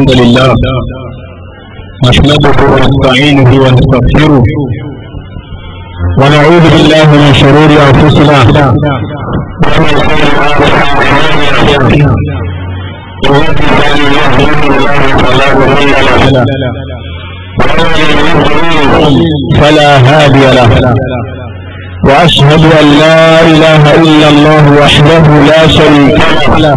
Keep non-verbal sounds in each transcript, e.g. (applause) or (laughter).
الحمد لله نحمده ونستعينه ونستغفره ونعوذ بالله من شرور انفسنا فلا هادي له واشهد ان لا اله الا الله وحده لا شريك له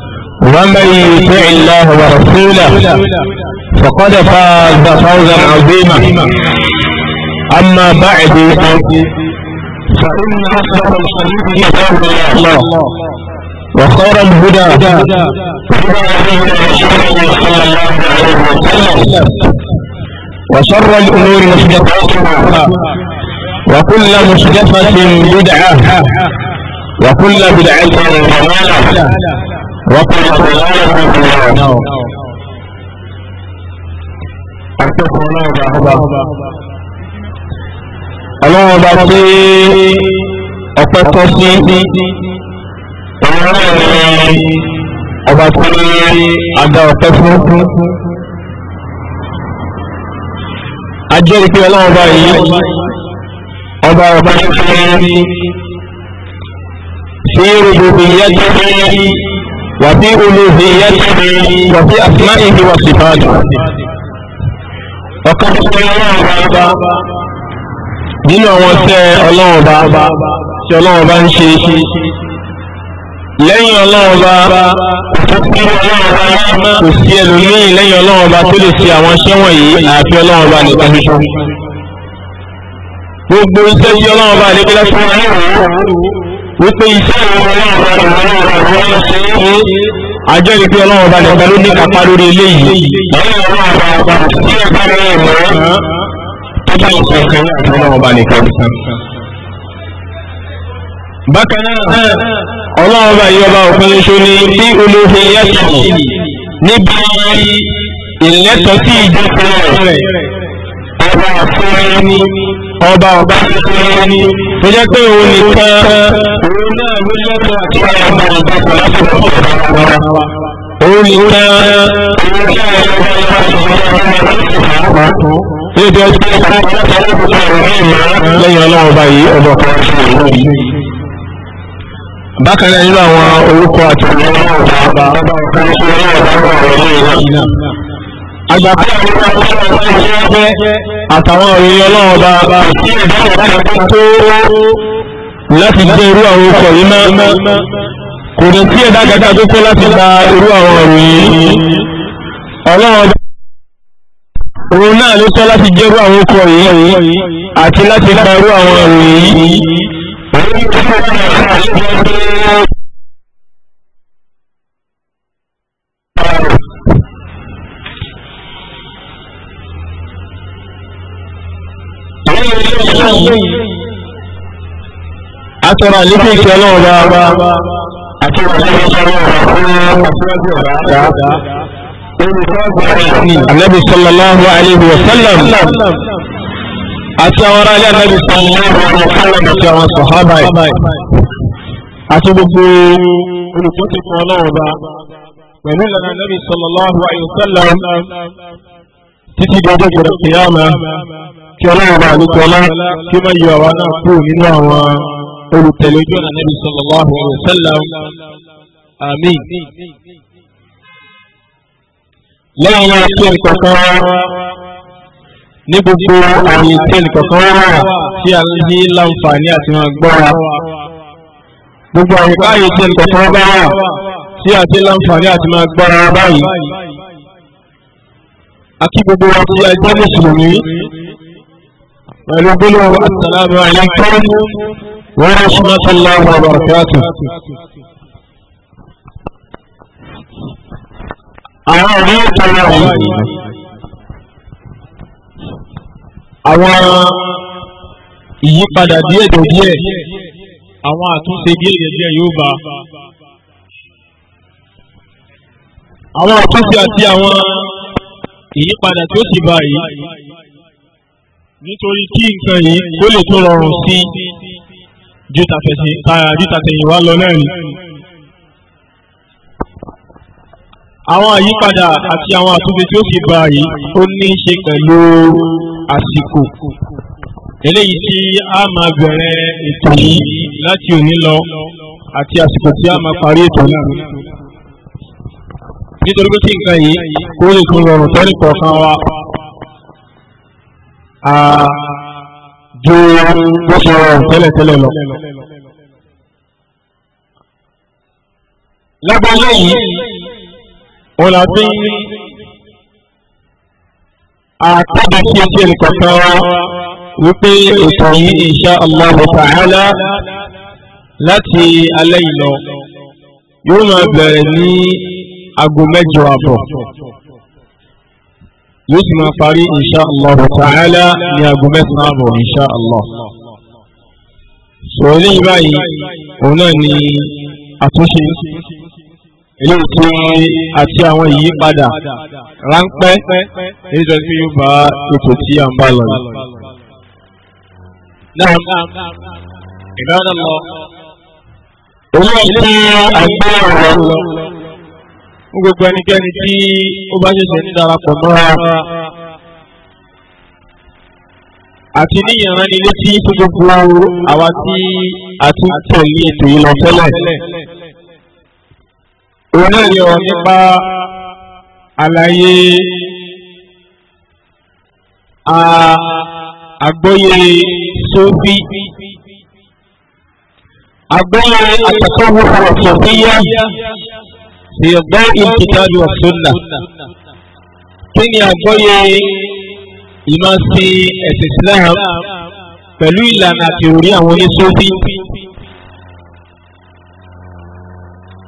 ومن يطع الله ورسوله فقد فاز فوزا عظيما اما بعد فان اصدق الحديث كتاب الله وخير الهدى وشر الامور محدثاتها وكل محدثه بدعه وكل بالعلم ضلالة وكل ضلالة في النار ọlọ́run bá tí ọpẹ́ tọ́ sí ọlọ́run ọba tí adá ọpẹ́ fún ajẹ́rìí pé ọlọ́run bá yìí ọba ọba tí في ربوبيته وفي ألوهيته وفي أسمائه وصفاته وقد قال الله تعالى nínú àwọn tẹ́ ọlọ́run bá tí ọlọ́run bá ń ṣe lẹ́yìn ọlọ́run bá kò sí ẹlòmíì lẹ́yìn ọlọ́run bá tó lè ṣe àwọn iṣẹ́ wọ̀nyí àfi ọlọ́run bá nìkan ṣoṣo gbogbo iṣẹ́ tí ọlọ́run bá lè gbé lásìkò wípé iṣẹ́ ìwọ̀n ọlọ́run ṣe é ní àjọ ìpé ọlọ́run ọba nìkan ló ní kápá lórí eléyìí lẹ́yìn ọlọ́run ọba ọba tí ó bá rẹ̀ mọ́ tó òpin ṣo ni tí olóhùn yẹ́sùn níbi ìlẹ́tọ̀ọ́ sí ìjọba rẹ̀ ọba fún ẹni ọba ọba ní tó pé òun nìkan òun náà ló lẹ́tọ̀ọ́ àti ọba ọba kò ọba òun nìkan òun náà ló lẹ́tọ̀ọ́ àti ọba níbi ọjọ́ lẹ́yìn ọlọ́run báyìí ọdọ̀ kan ṣe lè rí. bákan náà nínú àwọn orúkọ àti ọ̀rọ̀ ọlọ́run bá bá ọ̀kan ṣe lè rí ọ̀rọ̀ ọ̀rọ̀ lẹ́yìn náà agbábẹ́ àtàwọn òyìn ọlọ́wọ́ bá tó láti gbé irú àwọn ọkọ̀ yìí mọ́ kò ní sí ẹ̀dá gàdá tó tó láti gba irú àwọn òyìn ọlọ́wọ́ bá òun náà ló tọ́ láti jẹ́rú àwọn ọkọ̀ yìí àti láti gba irú àwọn òyìn yìí. yìí atọ́ra àlékún ìkẹ́ ọlọ́run bá àti ìwádìí ìṣẹ́lẹ̀ ọ̀rọ̀ anabi sallallahu alayhi wa sallam àti àwọn ará ilé anabi sallallahu alayhi wa sallam àti àwọn sahaba àti gbogbo olùkọ́ ti kọ́ ọlọ́run bá pẹ̀lú ìlànà anabi sallallahu alayhi títí di ọjọ́ ìgbẹ̀rẹ̀ kìyàmà kí ọlọ́run bá àlùkò ọlá kí ó má yọ àwa náà kúrò nínú àwọn olùtẹ̀lé ojú ọ̀nà nàbì sallallahu alaihi wasallam àmín. lẹ́yìn náà kí ẹnìkọ̀kan wá ní gbogbo àyè tí ẹnìkọ̀kan wá wà tí a ní láǹfààní àti máa gbọ́ra gbogbo àyè tí ẹnìkọ̀kan wá wà tí a ti láǹfààní àti máa gbọ́ra báyìí àti gbogbo wa tí a jẹ́ mùsùlùmí pẹ̀lú gbólóhùn assalamu alaykum wa rahmatullahi wa barakatuh. àwọn ọ̀rẹ́ ìtọ́lá yìí àwọn ìyípadà díẹ̀ díẹ̀ àwọn àtúnṣe díẹ̀ díẹ̀ yóò bá àwọn àtúnṣe àti àwọn ìyípadà tí ó sì bá yìí nítorí kí nǹkan yìí kó lè tó rọrùn sí ju tàtẹ̀yìn wá lọ náà ni. àwọn àyípadà àti àwọn àtúnṣe tí ó sì bá yìí ó ní í ṣe pẹ̀lú àsìkò eléyìí tí a máa bẹ̀rẹ̀ ètò yìí láti òní lọ àti àsìkò tí a máa parí ètò náà nítorí pé kí nǹkan yìí kó lè tún rọrùn tẹ́lẹ̀ kọ̀ọ̀kan wa ju bó ṣe rọrùn tẹ́lẹ̀ tẹ́lẹ̀ lọ. lágbàáyé yìí wọn là ti ń àtàbà sí ẹsẹ̀ nìkọ̀ọ̀kan wa wípé ètò yìí insha Allah ta'ala láti alẹ́ yìí yóò máa bẹ̀rẹ̀ ní aago mẹ́jọ àbọ̀ yóò sì máa parí insha allah ta'ala ní aago mẹ́sàn-án àbọ̀ insha allah sọ̀rọ̀ lẹ́yìn báyìí òun náà ni àtúnṣe eléyìí tí àti àwọn ìyípadà ráńpẹ́ èyí tó fi yóò bá ètò tí a ń bá lọ. náà ìbára lọ. òun náà ti àgbẹ̀ lọ fún gbogbo ẹnikẹ́ni tí ó bá ṣẹ̀ṣẹ̀ ń darapọ̀ mọ́ra àti ní ìránnilétí fún gbogbo àwa tí a ti ń tẹ̀lé ètò yìí lọ tẹ́lẹ̀. òun náà ni ọ̀rọ̀ nípa àlàyé àgbọ́yé sófì àgbọ́yé àtàkọ́wò ọ̀sọ̀fíyá bí ọgbọ́n ìkìtàbí ọ̀túnlá kí ni àgbọ́yé ìmọ̀sí ẹ̀sìn Islam pẹ̀lú ìlànà àti òrí àwọn oníṣòfì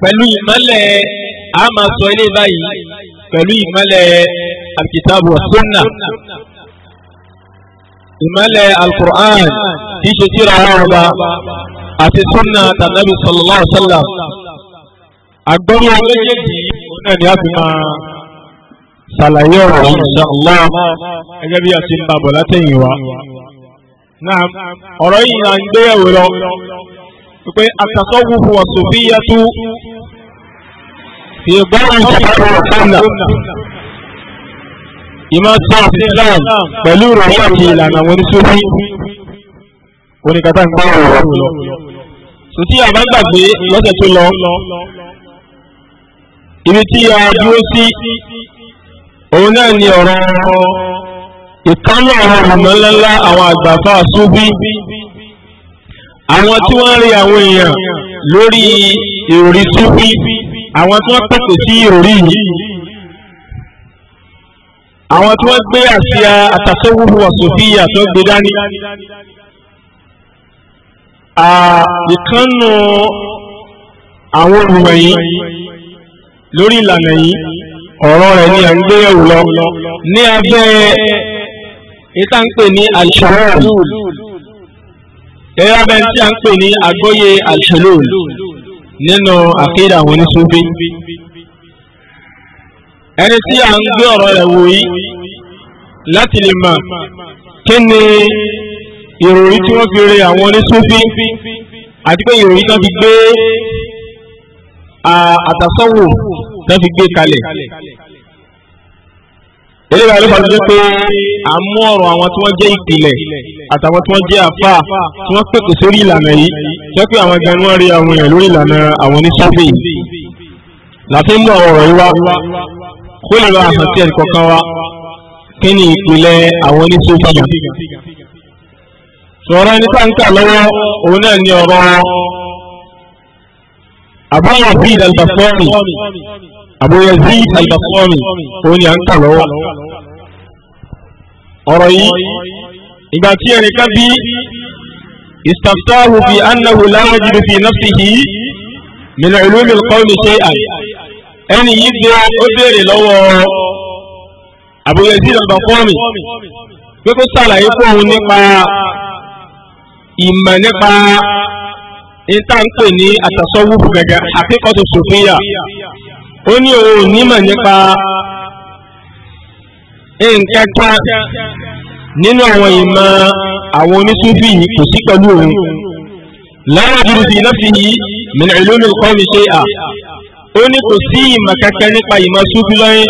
pẹ̀lú ìmọ̀lẹ̀ àmàsọ ilé báyìí pẹ̀lú ìmọ̀lẹ̀ alkitabu wa sunna ìmọ̀lẹ̀ alkur'an tí ṣe tíra wọn ọba àti sunna tàbí sallallahu alaihi agbọ́rú ọ̀rẹ́ yéèdì òun ni a fi máa ṣàlàyé ọ̀rọ̀ insha Allah gẹ́gẹ́ bí a ti ń bàbọ̀ látẹ̀yìn wa. náà ọ̀rọ̀ yìí là ń gbéyàwó lọ pé at-tasawwuf wa sufiyyatu fi bọ́ọ̀lù ìṣàkóso ọ̀sánà ìmọ̀ Islam pẹ̀lú àti ìlànà ń ọ̀rọ̀ lọ. àbágbàgbé lọ́sẹ̀ tó ibi tí a dúró sí òun náà ni ọ̀rọ̀ ìkánná àwọn àmọ́lẹ́lá àwọn àgbàfà súbí àwọn tí wọ́n rí àwọn èèyàn lórí ìròrí súbí àwọn tí wọ́n pèsè sí ìròrí yìí àwọn tí wọ́n gbé àsíá àtàtọ́wùrù wàsófíyà tó gbé dání ìkánná àwọn olùwẹ̀yìn lórí ìlànà yìí ọ̀rọ̀ rẹ̀ ni à ń gbé yẹ̀wò lọ ní abẹ́ ìta ń pè ní alṣalul gẹ́gẹ́ abẹ́ tí a ń pè ní àgbọ́yé alṣalul nínú àkídà àwọn oníṣúfí ẹni tí a ń gbé ọ̀rọ̀ rẹ̀ wò yìí láti lè mọ̀ kí ni ìròrí tí wọ́n fi re àwọn oníṣúfí àti pé ìròrí tó fi gbé àtàsọ́wò tó fi gbé kalẹ̀ eléyà ló fàájú pé à ń mú ọ̀rọ̀ àwọn tí wọ́n jẹ́ ìpìlẹ̀ àtàwọn tí wọ́n jẹ́ àfà tí wọ́n pèpè sórí ìlànà yìí jẹ́ pé àwọn gan wọ́n rí àwọn èèyàn lórí ìlànà àwọn oníṣàfẹ́ yìí láti mú ọ̀rọ̀ yìí wá kó lè ra àhàn sí ẹ̀rí kọ̀ọ̀kan wá kí ni ìpìlẹ̀ àwọn oníṣòfìyà. sọ̀rọ̀ ẹni tá lọ́wọ́ òun náà ni ọ̀rọ̀ Abu Yazid al-Bassami Abu Yazid al-Bassami òun ni à ń kà lọ́wọ́ ọ̀rọ̀ yìí ìgbà tí ẹnìkan bí istaftahu fi annahu la yajidu fi nafsihi min ulumi al-qawmi shay'an ẹni yìí gbé ó béèrè lọ́wọ́ Abu Yazid al pé kó sàlàyé fún nípa ìmọ̀ nípa níta ń pè ní àtàsọ́wúfù gẹ́gẹ́ àkíkọ́tù sòfíà ó ní òun nímọ̀ nípa nkẹta nínú àwọn ìmọ̀ àwọn onísúfì kò sí pẹ̀lú òun lára dúró sí lọ́fì yìí mìíràn ìlú mi kọ́ mi ṣe à ó ní kò sí ìmọ̀ kẹkẹ nípa ìmọ̀ súfì lọ́yìn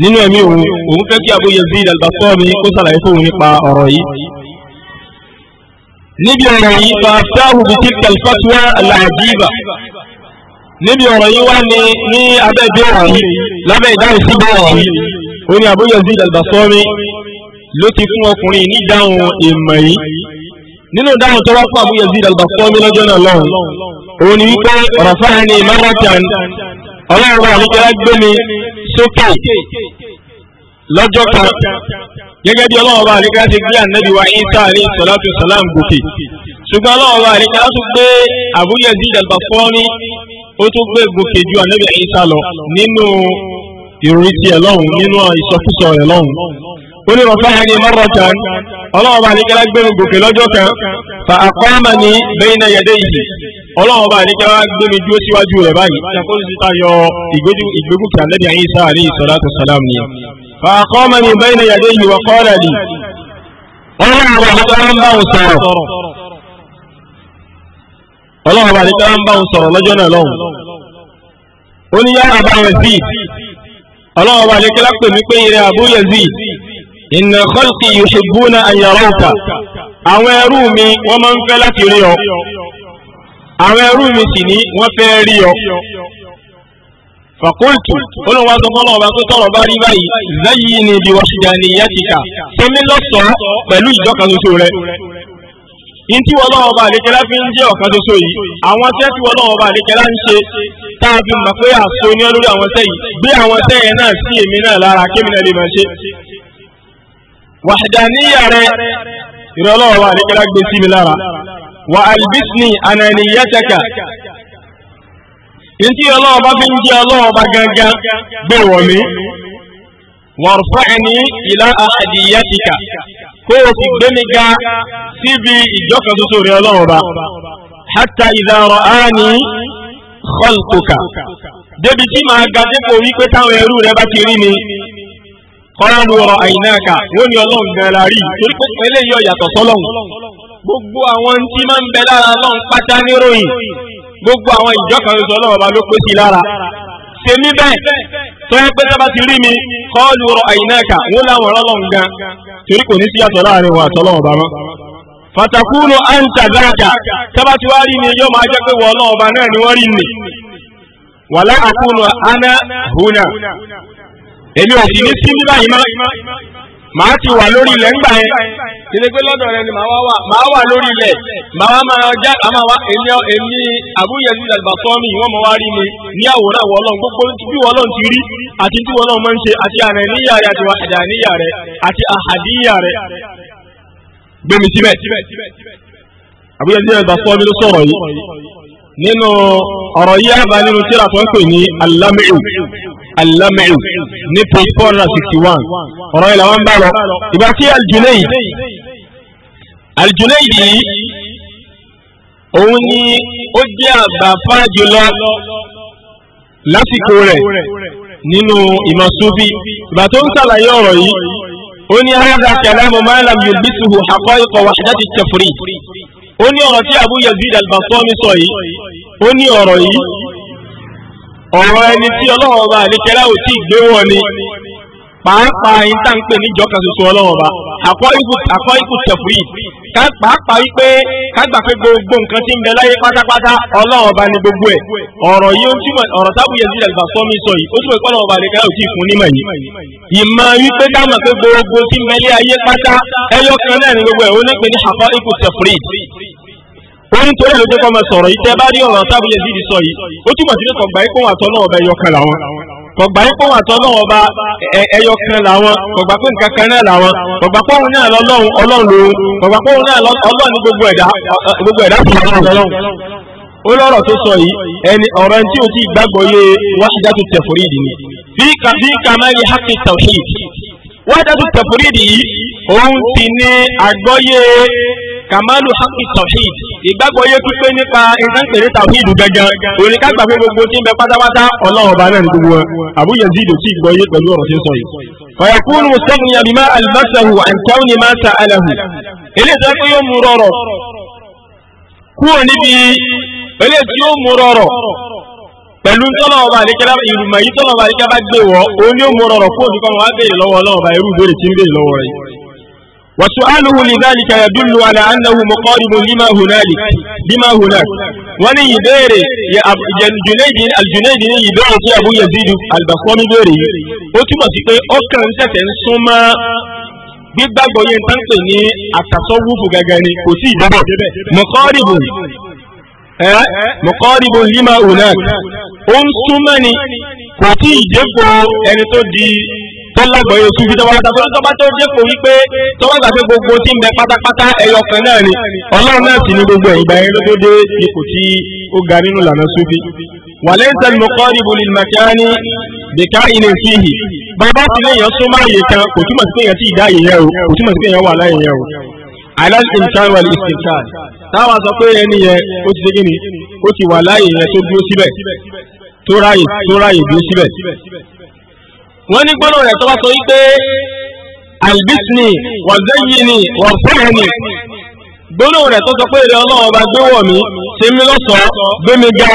nínú ẹ̀mí òun òun fẹ́ kí Abu Yazid al-Bastami kó sàlàyé fóun nípa ọ̀rọ̀ yìí níbi ọ̀rọ̀ yìí fàáfáhù bí tí kàlfàtíwá aláàjíbà níbi ọ̀rọ̀ yìí wá ní ní abẹ́bẹ́ ọ̀rọ̀ yìí lábẹ́ ìdáhùn sí bọ́ ọ̀rọ̀ yìí ó ní Abu Yazid al-Basri ló ti fún ọkùnrin ní ìdáhùn ìmọ̀ yìí nínú ìdáhùn tó wá fún Abu Yazid al-Basri lọ́jọ́ náà lọ́hùn òun ni wípé rafa'ani ní maratan ọlọ́run àlùkẹ́lá gbé mi sókè lọ́jọ́ kan gẹ́gẹ́ bí ọlọ́run ọba àríkà ti gbé ànábì wa Isa àrí sọ̀látù sàlám gòkè ṣùgbọ́n ọlọ́run ọba àríkà tún gbé Abu Yazid al-Baffari ó tún gbé gòkè ju ànábì Isa lọ nínú ìròyìn tiẹ̀ lọ́hùn nínú ìsọkúsọ rẹ̀ lọ́hùn. ó ní rọ̀fẹ́ ẹni marratan ọlọ́run ọba àríkà gbé gòkè lọ́jọ́ kan fa aqamani bayna yadayhi ọlọ́run ọba àríkà gbé mi dúró síwájú rẹ̀ báyìí فأقامني بين يديه وقال لي ọlọ́run àwọn àdìkọ́lá ń bá òun sọ̀rọ̀ ọlọ́run àwọn àdìkọ́lá ń bá òun sọ̀rọ̀ lọ́jọ́ náà lọ́hùn ó ní yára bá Yazid ọlọ́run àwọn àdìkọ́lá pè mí pé ìrẹ́ Abu Yazid inna khalqi yuhibbuna an yarawka àwọn ẹrú mi wọ́n máa ń fẹ́ láti rí ọ àwọn ẹrú mi sì ní wọ́n fẹ́ rí ọ fàkóòtù olùwà sọfọlọ ọba tó tọrọ bá rí báyìí zayi ni bí wàṣíjà ni ìyá ti kà sẹmi lọsọọ pẹ̀lú ìjọkan ṣoṣo rẹ ntí wọn lọ́wọ́ ọba àdékẹ́lá fi ń jẹ́ ọ̀kan yìí àwọn tẹ́ tí wọn lọ́wọ́ ọba àdékẹ́lá ń ṣe tá a fi mọ̀ pé àṣọ ní ọlórí àwọn tẹ́ yìí gbé àwọn tẹ́ yẹn náà sí èmi náà lára kémi náà lè máa ṣe. wàṣíjà níyà rẹ ìrọlọ́wọ́ àdékẹ́lá gbé sí lára wà ntí ọlọ́wọ́ bá fi ń jẹ́ ọlọ́wọ́ bá gángan gbé wọ̀ mí warfa'ni ila ahadiyatika kó o sì gbé mi ga síbi ìjọkan tuntun rẹ ọlọ́wọ́ bá hatta idha ra'ani khalquka débi tí màá ga dépò wípé táwọn ẹrú rẹ bá ti rí mi kọ́lálu ọ̀rọ̀ àyínáka wọ́n ní ọlọ́run gan la rí torí pé pẹ́lẹ́ yọ yàtọ̀ sọ́lọ́run gbogbo àwọn tí máa ń bẹ lára ọlọ́run pátá níròyìn gbogbo àwọn ìjọ kan ṣoṣo ọlọ́wọ́ bá ló pé sí lára ṣe mí tó yẹ pé sábà ti rí mi kọ́ọ̀lù rọ àyínáka wọn làwọn ọlọ́run gan torí kò ní sí yàtọ̀ láàrin wọn àtọ́lọ́wọ́ bá mọ́ fatakunu anta zaka sábà ti wá rí mi yóò máa jẹ́ pé wọ́n ọlọ́wọ́ bá náà ni wọ́n rí mi wàlá àkúnu ana huna èmi ò sì ní sí mi báyìí màá ti wà lórí ilẹ̀ ńgbà yẹn kìlẹ̀ pé lọ́dọ̀ rẹ ni màá wà màá wà lórí ilẹ̀ màá wà máa já àmà wá èmi èmi àbúyẹ̀dì àgbàsọ́ọ̀mì wọ́n mọ̀ wá rí mi ní àwòrán wọlọ́n gbogbo bí wọlọ́n ti rí àti bí wọlọ́n máa ń ṣe àti àrẹ níyà rẹ àti àdà níyà rẹ àti àhàdíyà rẹ gbẹmí síbẹ̀ àbúyẹ̀dì àgbàsọ́ọ̀mì ló sọ̀rọ̀ yìí nínú ọ̀rọ̀ yìí ní alámìíràn alamẹ́ù ní page four hundred and sixty one ọ̀rọ̀ ìlà wọn bá lọ ìgbà tí aljunaid aljunaid yìí òun ni ó jẹ́ àgbà fájùlọ lásìkò rẹ̀ nínú ìmọ̀ sufi ìgbà ń sàlàyé ọ̀rọ̀ yìí ó ní hadha kalamu ma lam yulbisuhu haqa'iqa wahdati tafrid ó ní ọ̀rọ̀ tí Abu Yazid al-Bastami sọ yìí ó ní ọ̀rọ̀ yìí ọ̀rọ̀ ẹni tí ọlọ́run ọba àníkẹ́lá ò tí ì gbé wọn ni pàápàá yín tá ń pè níjọ kan ṣoṣo ọlọ́run ọba àkọ́ ikú tẹ̀fúrì pàápàá wípé kágbà pé gbogbo nǹkan tí ń bẹ láyé pátápátá ọlọ́run ọba ni gbogbo ẹ̀ ọ̀rọ̀ yìí ó túmọ̀ ọ̀rọ̀ tábù yẹn sílẹ̀ ìgbà sọ́mi sọ yìí ó túmọ̀ ìpọ́n ọba àníkẹ́lá ò tí ì fún nímọ̀ yìí ìmọ̀ wípé ó ní torí àlejò kọ́ máa sọ̀rọ̀ yìí tẹ́ bá rí ọ̀rọ̀ tábìlì ẹ̀sìn sọ yìí ó túmọ̀ sí pé kọ̀gbà yìí kóhùn àtọ́ náà ọba ẹyọkan làwọn kọ̀gbà yìí kóhùn àtọ́ náà ọba ẹyọkan làwọn kọ̀gbà pé nǹkan kan náà làwọn kọ̀gbà pọ́hùn náà lọ́lọ́run ọlọ́run lòun kọ̀gbà pọ́hùn náà ọlọ́run ní gbogbo ẹ̀dá gbogbo ẹ̀dá fún ọlọ́run ó lọ́rọ̀ tó sọ yìí ẹni ọ̀rọ̀ wádàtú tẹ̀fúrídì yìí òun ti ní àgbọ́yé kamalu haqqi tawhid ìgbàgbọ́ yé pípé nípa nǹkan pèrè tawhid gangan òní ká gbàgbé gbogbo tí ń bẹ pátápátá ọlọ́run ọba náà ní gbogbo wọn Abu Yazid sí ìgbọ́ yé pẹ̀lú ọ̀rọ̀ tí ń sọ yìí. fàyàkùn mustaghniyan bima albasahu àǹkẹ́wò ni máa ta alahu eléyìí tó yóò mú rọrọ kúrò níbi eléyìí tó yóò mú rọrọ pẹ̀lú tọ́lọ́wọ́ bá àdékẹ́lá ìrùmọ̀ yìí tọ́lọ́wọ́ àdékẹ́lá bá gbé wọ́ òun ni ó mú rọrọ̀ fún òsì kọ́mọ wá béèrè lọ́wọ́ ọlọ́wọ́ bá irú ìbéèrè tí ń béèrè lọ́wọ́ rẹ̀. وسؤاله لذلك يدل على أنه مقارب لما هنالك لما هناك وني يبيري يا أب... الجنيد الجنيد يدعو في أبو يزيد البخومي بيري وكما سيكي أكرا سكن سوما gbígbàgbọ́ yẹn tán pè ní àtàsọ́wúfù gẹ́gẹ́ kò sí ìdábọ̀ mọ̀kọ́rìbù Eh, mọ̀kọ́rìbò lima unak ó ń súnmọ́ ni kò tí ì dépò ẹni tó di tọ́lágbọ̀ yóò tún fi tọ́ba pátá tó tọ́ba tó dépò wípé tọ́ba gbàgbé gbogbo tí ń bẹ pátápátá ẹyọ kan náà ni ọlọ́run náà sì ní gbogbo ẹ̀yìn báyẹn ló tó dé ipò tí ó ga nínú ìlànà súfi. walaysa al-muqaribu lil makani bikainin fihi bàbá tí lèèyàn súnmọ́ àyè kan kò túmọ̀ sí pé èèyàn táwa sọ pé ẹni yẹn ó ti dégé ni ó ti wà láàyè yẹn tó dúró síbẹ̀ tó ráyè tó ráyè dúró síbẹ̀. wọ́n ní gbọ́dọ̀ rẹ̀ tó bá sọ wípé albisni wàzẹ́yìnì wàfúnni gbólóhùn rẹ̀ tó pé ìrẹ́ ọlọ́run ọba gbé wọ̀ mí ṣe mí lọ́sọ̀ọ́ gbé mi ga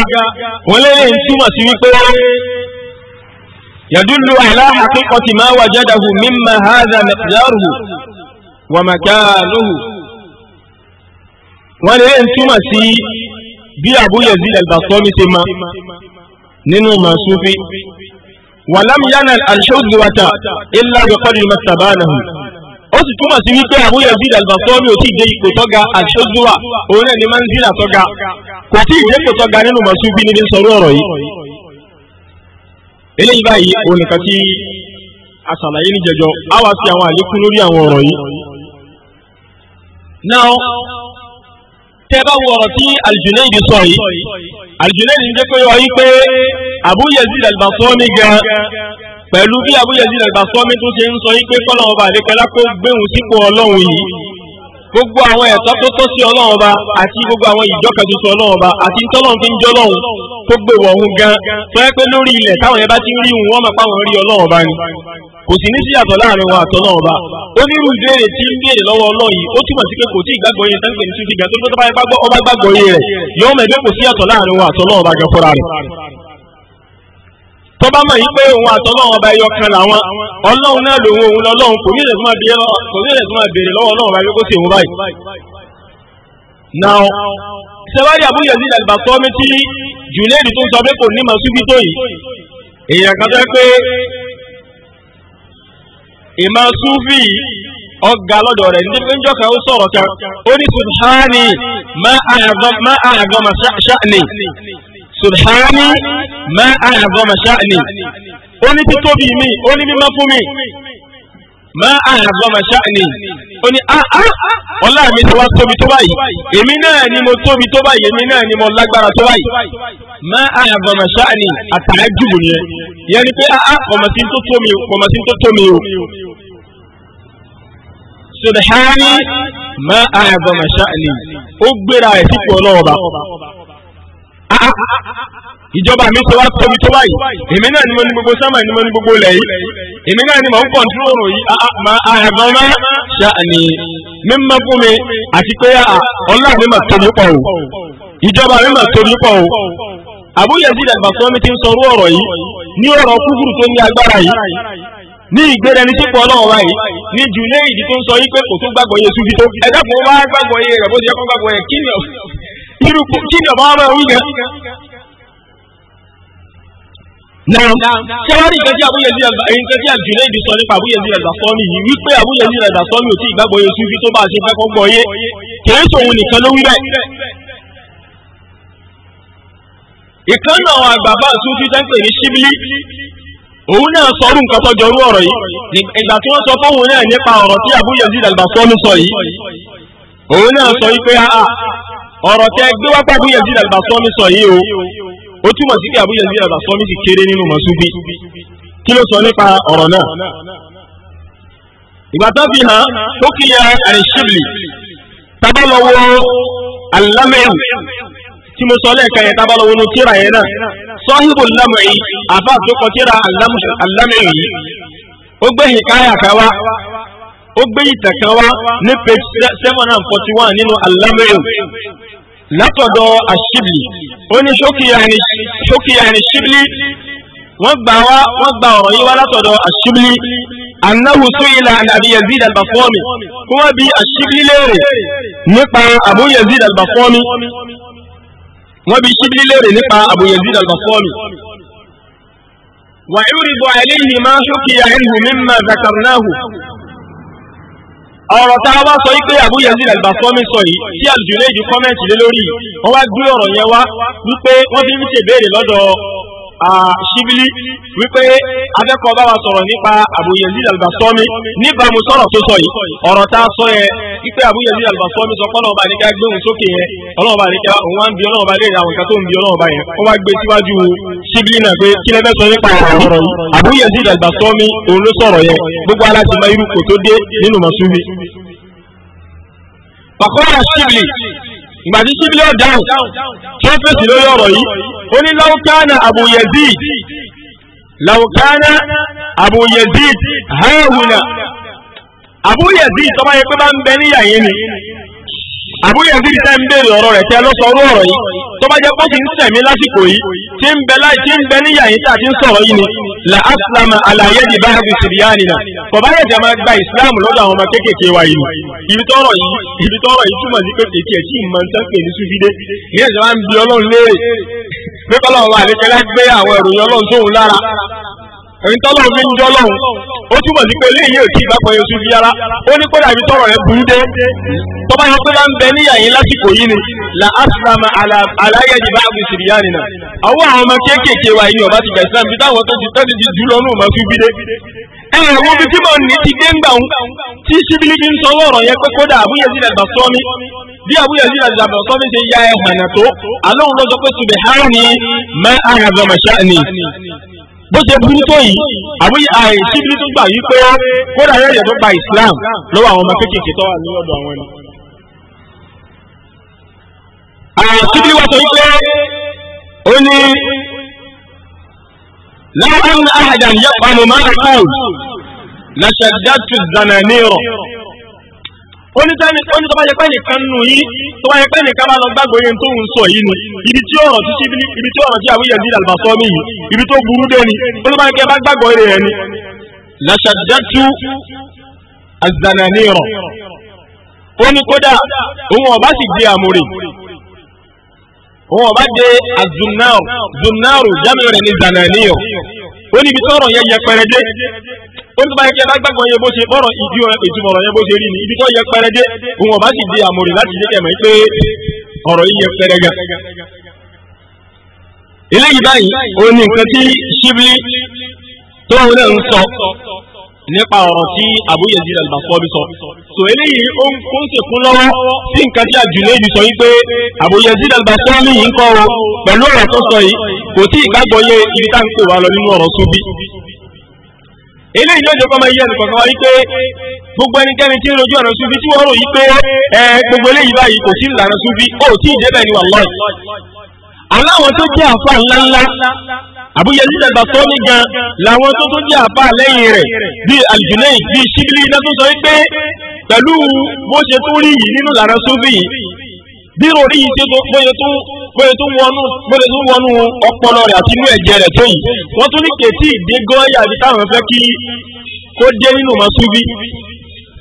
wọ́n lé lè túmọ̀ sí wípé yàdúlù aláhàkíkọ̀tì máa wà jádàhù mímọ̀ hádà mẹ̀tìyàrù wàmàkàlùhù wọ́n lè ń túmọ̀ sí bí Abu Yazid al-Bastami ṣe ma nínú masufi wàlám yanal al-shawzawata illa bi qadri mastabanahu ó sì túmọ̀ sí wípé Abu Yazid al-Bastami ò tí ì dé ipò tọ́ga al-shawzawa òun náà ni manzila tọ́ga kò tí ì dé ipò tọ́ga nínú masufi níbi sọ̀rọ̀ ọ̀rọ̀ yìí eléyìí báyìí òun nìkan tí asàlàyé níjẹjọ á wá sí àwọn àlékún lórí now tẹ́ bá wo ọ̀rọ̀ tí Al-Junayd sọ yìí Al-Junayd jẹ́ pé wọ́n yí pé Abu Yazid Al-Bastami gan pẹ̀lú bí Abu Yazid Al-Bastami tó ṣe ń sọ yí pé kọ́lọ́wọ́ bá àdékọ́lá kó gbéhùn sípò ọlọ́run yìí gbogbo àwọn ẹ̀tọ́ tó tọ́ sí ọlọ́run ọba àti gbogbo àwọn ìjọkàtútù ọlọ́run ọba àti ntọ́lọ́run fi ń jọ́ lọ́hùn tó gbé wọ̀hún gan tó yẹ pé lórí ilẹ̀ táwọn yẹn bá ti ń rí wọn máa pa wọn rí ọlọ́run ọba ni kò sí ní sí yàtọ̀ láàrin wọn àtọ́ náà ọba onírú ìbéèrè tí ń béèrè lọ́wọ́ ọlọ́run yìí ó túmọ̀ sí pé kò tí ìgbàgbọ́ yẹn sáńgbẹ̀ ní túnfì gan tó gbé tó bá gbàgbọ́ ọba gbàgbọ́ yẹn rẹ̀ yọ́ọ́ mẹ́gbẹ́ kò sí yàtọ̀ láàrin wọn àtọ́ náà ọba gan fúnra rẹ̀ tó bá mọ̀ yí pé òun àtọ́lọ́wọ́n ọba ẹyọ kan làwọn ọlọ́run náà lòun òun lọ́lọ́run kò ní ilẹ̀ tó máa béèrè lọ́wọ́ ọlọ́run ọba kó sì òun báyìí. now sẹ́wárí Abu Yazid al-Bastami tí Junaid tó ń sọ pé kò ní màá súbí tó yìí èèyàn kan tó yẹ pé ìmọ̀ súfì ọgá lọ́dọ̀ rẹ̀ níbi níjọ́ kan ó sọ̀rọ̀ kan ó ní subhani ma a'zama sha'ni ó ní títóbi mi ó ní mímọ́ fún mi ma a'zama sha'ni ó ní áá ah, ah, ọlá mi ti wá tóbi tó báyìí èmi náà ni mo tóbi tó báyìí èmi náà ni mo lágbára tó báyìí ma a'zama sha'ni àtàájù nìyẹn ìyẹn ni pé áá ah, kọ̀mọ̀sí tó tómi kọ̀mọ̀sí tó tómi o subhani ma a'zama sha'ni ó gbéra ẹ̀ sípò ọlọ́ọ̀ba ìjọba mi ti wá tóbi tó báyìí èmi náà ni mo ní gbogbo sámà ni mo ní gbogbo lẹ̀ yìí èmi náà ni mo ń kọ̀ǹtúrò ọ̀rọ̀ yìí àgbọn máa ṣàní mímọ́ fún mi àti pé ah, ah, ọlá mi mà tóbi pọ̀ o ìjọba mi mà tóbi pọ̀ o Abu Yazid al-Bastami ti ń sọ orú ọ̀rọ̀ yìí ní ọ̀rọ̀ kúkúrú tó ní agbára yìí ní ìgbéra ẹni sípò ọlọ́run wa yìí ní jùlé ìdí tó ń sọ yí pé kò tó gbàgbọ́ yé sufi tó ẹ̀dá kan wá gbàgbọ́ yé rẹ̀ bó ti yẹ kó gbàgbọ́ yẹ kí ni irú kí ni ọba ọmọ ẹ̀wí yẹn. Náà sẹ́wárì nǹkan tí àbúyẹ̀sí nǹkan tí àjùlẹ̀ ìdí sọ nípa àbúyẹ̀sí rẹ̀ dàsọ́mì yìí wípé àbúyẹ̀sí rẹ̀ dàsọ́mì ò tí ìgbàgbọ́ yẹn sún fi tó bá a ṣe fẹ́ kọ́ gbọ́ yé kìí sòun nìkan ló wí bẹ́ẹ̀. Ìkan náà àwọn àgbàbá sún fi tẹ́ńpẹ̀ ní Ṣíbílì òun náà sọrú nǹkan tọjọ orú ọ̀rọ̀ yìí ìgbà tí wọ́n sọ fóun náà nípa ọ̀rọ̀ tí àbúyẹ̀sí rẹ̀ dàsọ́mì sọ yìí òun náà sọ wípé ọ̀rọ̀ tẹ gbé wá pàbó yẹn zidane basọ́mi sọ yìí o ó túmọ̀ sí pé àbó yẹn zidane basọ́mi ti kéré nínú mọ̀súbí kí ló sọ nípa ọ̀rọ̀ náà ìgbà tó fi hàn ó kì í yẹ àìṣìlì tábà lọ wo alámẹ́wù tí mo sọ lẹ́ẹ̀kan yẹn tábà lọ wo nu tíra yẹn náà sọ́hìbù lámẹ́yì àbá àtúkọ̀ tíra alámẹ́wù yìí ó gbé ó gbé ìtàn kan wá ní page seven and forty one nínú alámẹ́rin látọ̀dọ̀ àṣìbìlì ó ní ṣókìyà ẹni ṣìbìlì wọ́n gbà wá wọ́n gbà ọ̀rọ̀ yìí wá látọ̀dọ̀ àṣìbìlì annahu su'ila an abi yazid al-bafami kuma bi ashibli lere nípa abu yazid al-bafami wọ́n bi ashibli lere nípa abu yazid al-bafami wa yuridu alayhi ma shukiya anhu mimma dhakarnahu ọ̀rọ̀ tá a wá sọ yìí pé Abu Yazid al-Bastami sọ yìí tí àlùjọ lè ju kọ́mẹ́ǹtì lé lórí wọ́n wá gbé ọ̀rọ̀ yẹn wá wípé wọ́n fi ń ṣèbéèrè lọ́dọ̀ ṣíbílì wípé akẹ́kọ̀ọ́ bá wa sọ̀rọ̀ nípa Abu Yazid al-Bastami níbàámu sọ̀rọ̀ tó sọ yìí ọ̀rọ̀ tá a sọ yẹ wípé Abu Yazid al-Bastami sọ pọ́nà ọba nìkan gbé òun sókè yẹn ọlọ́run ọba nìkan òun wá ń bi ọlọ́run ọba léèrè àwọn nǹkan tó ń bi ọlọ́run ọba yẹn ó wá gbé síwájú ṣíbílì náà pé kí lẹ́fẹ́ sọ nípa ọ̀rọ̀ yìí Abu Yazid al-Bastami òun ló sọ̀rọ̀ yẹn ìgbà tí kíbílẹ̀ ọ̀dáhùn tí ó fèsì lórí ọ̀rọ̀ yìí ó ní láwùkánà Abu Yazid láwùkánà Abu Yazid hàwùnà Abu Yazid yẹ pé bá ń bẹ níyà yẹn ni àbúyẹ̀ sí ìtẹ́ ń béèrè ọ̀rọ̀ rẹ̀ tẹ́ lọ́sọ orú ọ̀rọ̀ yìí tó bá jẹ́ pọ́ sí ń tẹ̀mí lásìkò yìí tí ń bẹ láì tí ń bẹ níyà yìí tàbí ń sọ̀rọ̀ yìí ni la aslama àlàyé di bá fi sùn yá nìyà kò bá yẹ̀ tẹ́ máa gba ìsìláàmù lọ́dọ̀ àwọn ọmọ kéékèèké wa yìí ibi tọ́rọ̀ yìí ibi tọ́rọ̀ yìí túmọ̀ sí pé kèké tí ìmọ̀ ń tán ní sùfídé ní ẹ̀sẹ̀ ẹ̀yin tọ́lọ̀ mi ń jọlọ́ ó túbọ̀ sí pé eléyìí ò sí ìgbàpọ̀ yẹn sùn yára ó ní kódà ibi tọrọ rẹ burú dé tọ́ba yẹn pé bá ń bẹ níyà lásìkò yìí ni la asilama alayẹji bá abu siriyani na àwọn àwọn ọmọ kéékèèké wa yìí ọba ti gbà islam bí táwọn tó ti tẹ́lẹ̀ ti jù lọ́nù ọmọ fífi dé ẹ ẹ wo bí tí ní ti dé ń ń tí síbílíkì ń sọ lọ́rọ̀ yẹn pé kódà ṣe ya ẹ̀ hànà tó alóhùn lọ́jọ́ pé subhani ma a'zama sha'ni bó ṣe burú tó yìí àbí àìsíbílì tó gbà wípé kódà yẹ̀yẹ̀ tó gba Islam lọ́wọ́ àwọn ọmọ kéékèèké tó wà ní ọ̀dọ̀ àwọn ẹni. àìsíbílì wà sọ wípé ó ní láwọn àhàdàn yẹ pàmò máa ń kọ́ làṣàdàtù zananírọ̀ onítọ́ni tóní tó bá yẹ pé nìkan nù yín tó bá yẹ pé nìkan bá lọ gbàgbọ́ yẹn tó ń sọ yìí ni ibi tí ọ̀rọ̀ tí síbi ibi tí ọ̀rọ̀ tí àwọn yẹn dídà lọ́sọ́ mi yìí ibi tó burú dé ni ó ló bá yẹ kí ẹ bá gbàgbọ́ yẹn ni. làṣàdájú azananirọ ó òun ọba sì gbé àmúre òun ọba dé azunaru zunaru jámẹ́ rẹ̀ ní zananirọ ó ní ibi tọ́rọ̀ yẹn ó ní tó bá yẹ kí ẹ bá gbàgbọ́ yẹ bó ṣe bọ́rọ̀ ìdí ìtumọ̀ ọ̀rọ̀ yẹn bó ṣe rí ni ibi tó yẹ pẹrẹgẹ òun ọ̀bá sì di àmọ̀rì láti jẹ́ kẹ̀mọ́ pé ọ̀rọ̀ yìí yẹ pẹrẹgẹ. eléyìí báyìí ó ní nǹkan tí Shibli tó ń lẹ́ ń sọ nípa ọ̀rọ̀ tí Abu Yazid al-Bastami sọ so eléyìí ó ń kó ń sèkún lọ́wọ́ sí nǹkan tí Al-Junayd sọ yìí pé Abu Yazid al-Bastami ń kọ́ o pẹ̀lú ọ̀rọ̀ tó sọ yìí kò tí ìgbàgbọ́ yẹ ibi tá à lọ nínú ọ̀rọ̀ Sufi eléyìí yóò jẹ́ kọ́ máa yẹ ẹnì kọ̀ọ̀kan wá wípé gbogbo ẹnikẹ́ni tí ń rojú ọ̀nà súfí tí wọ́n rò yí pé ẹ gbogbo eléyìí báyìí kò sí ìlànà súfí ó tí ì débẹ̀ ni wàlọ́ọ̀ aláwọn tó jẹ́ àfa ńláńlá àbúyẹ sílẹ̀ gbà tó ní gan làwọn tó tó jẹ́ àfa lẹ́yìn rẹ̀ bíi aljunai bíi ṣíbílì iná tó sọ wípé pẹ̀lú bó ṣe tó rí yìí nínú ìlànà súfí yìí bí rori yìí ṣe bóyá tó bóyá tó wọnú bóyá tó wọnú ọpọlọ rẹ̀ àti inú ẹ̀jẹ̀ rẹ̀ tó yìí wọ́n tún ní kètì ìdè gọ́ọ̀yà àti táwọn fẹ́ kí kó dé nínú mọ́súbí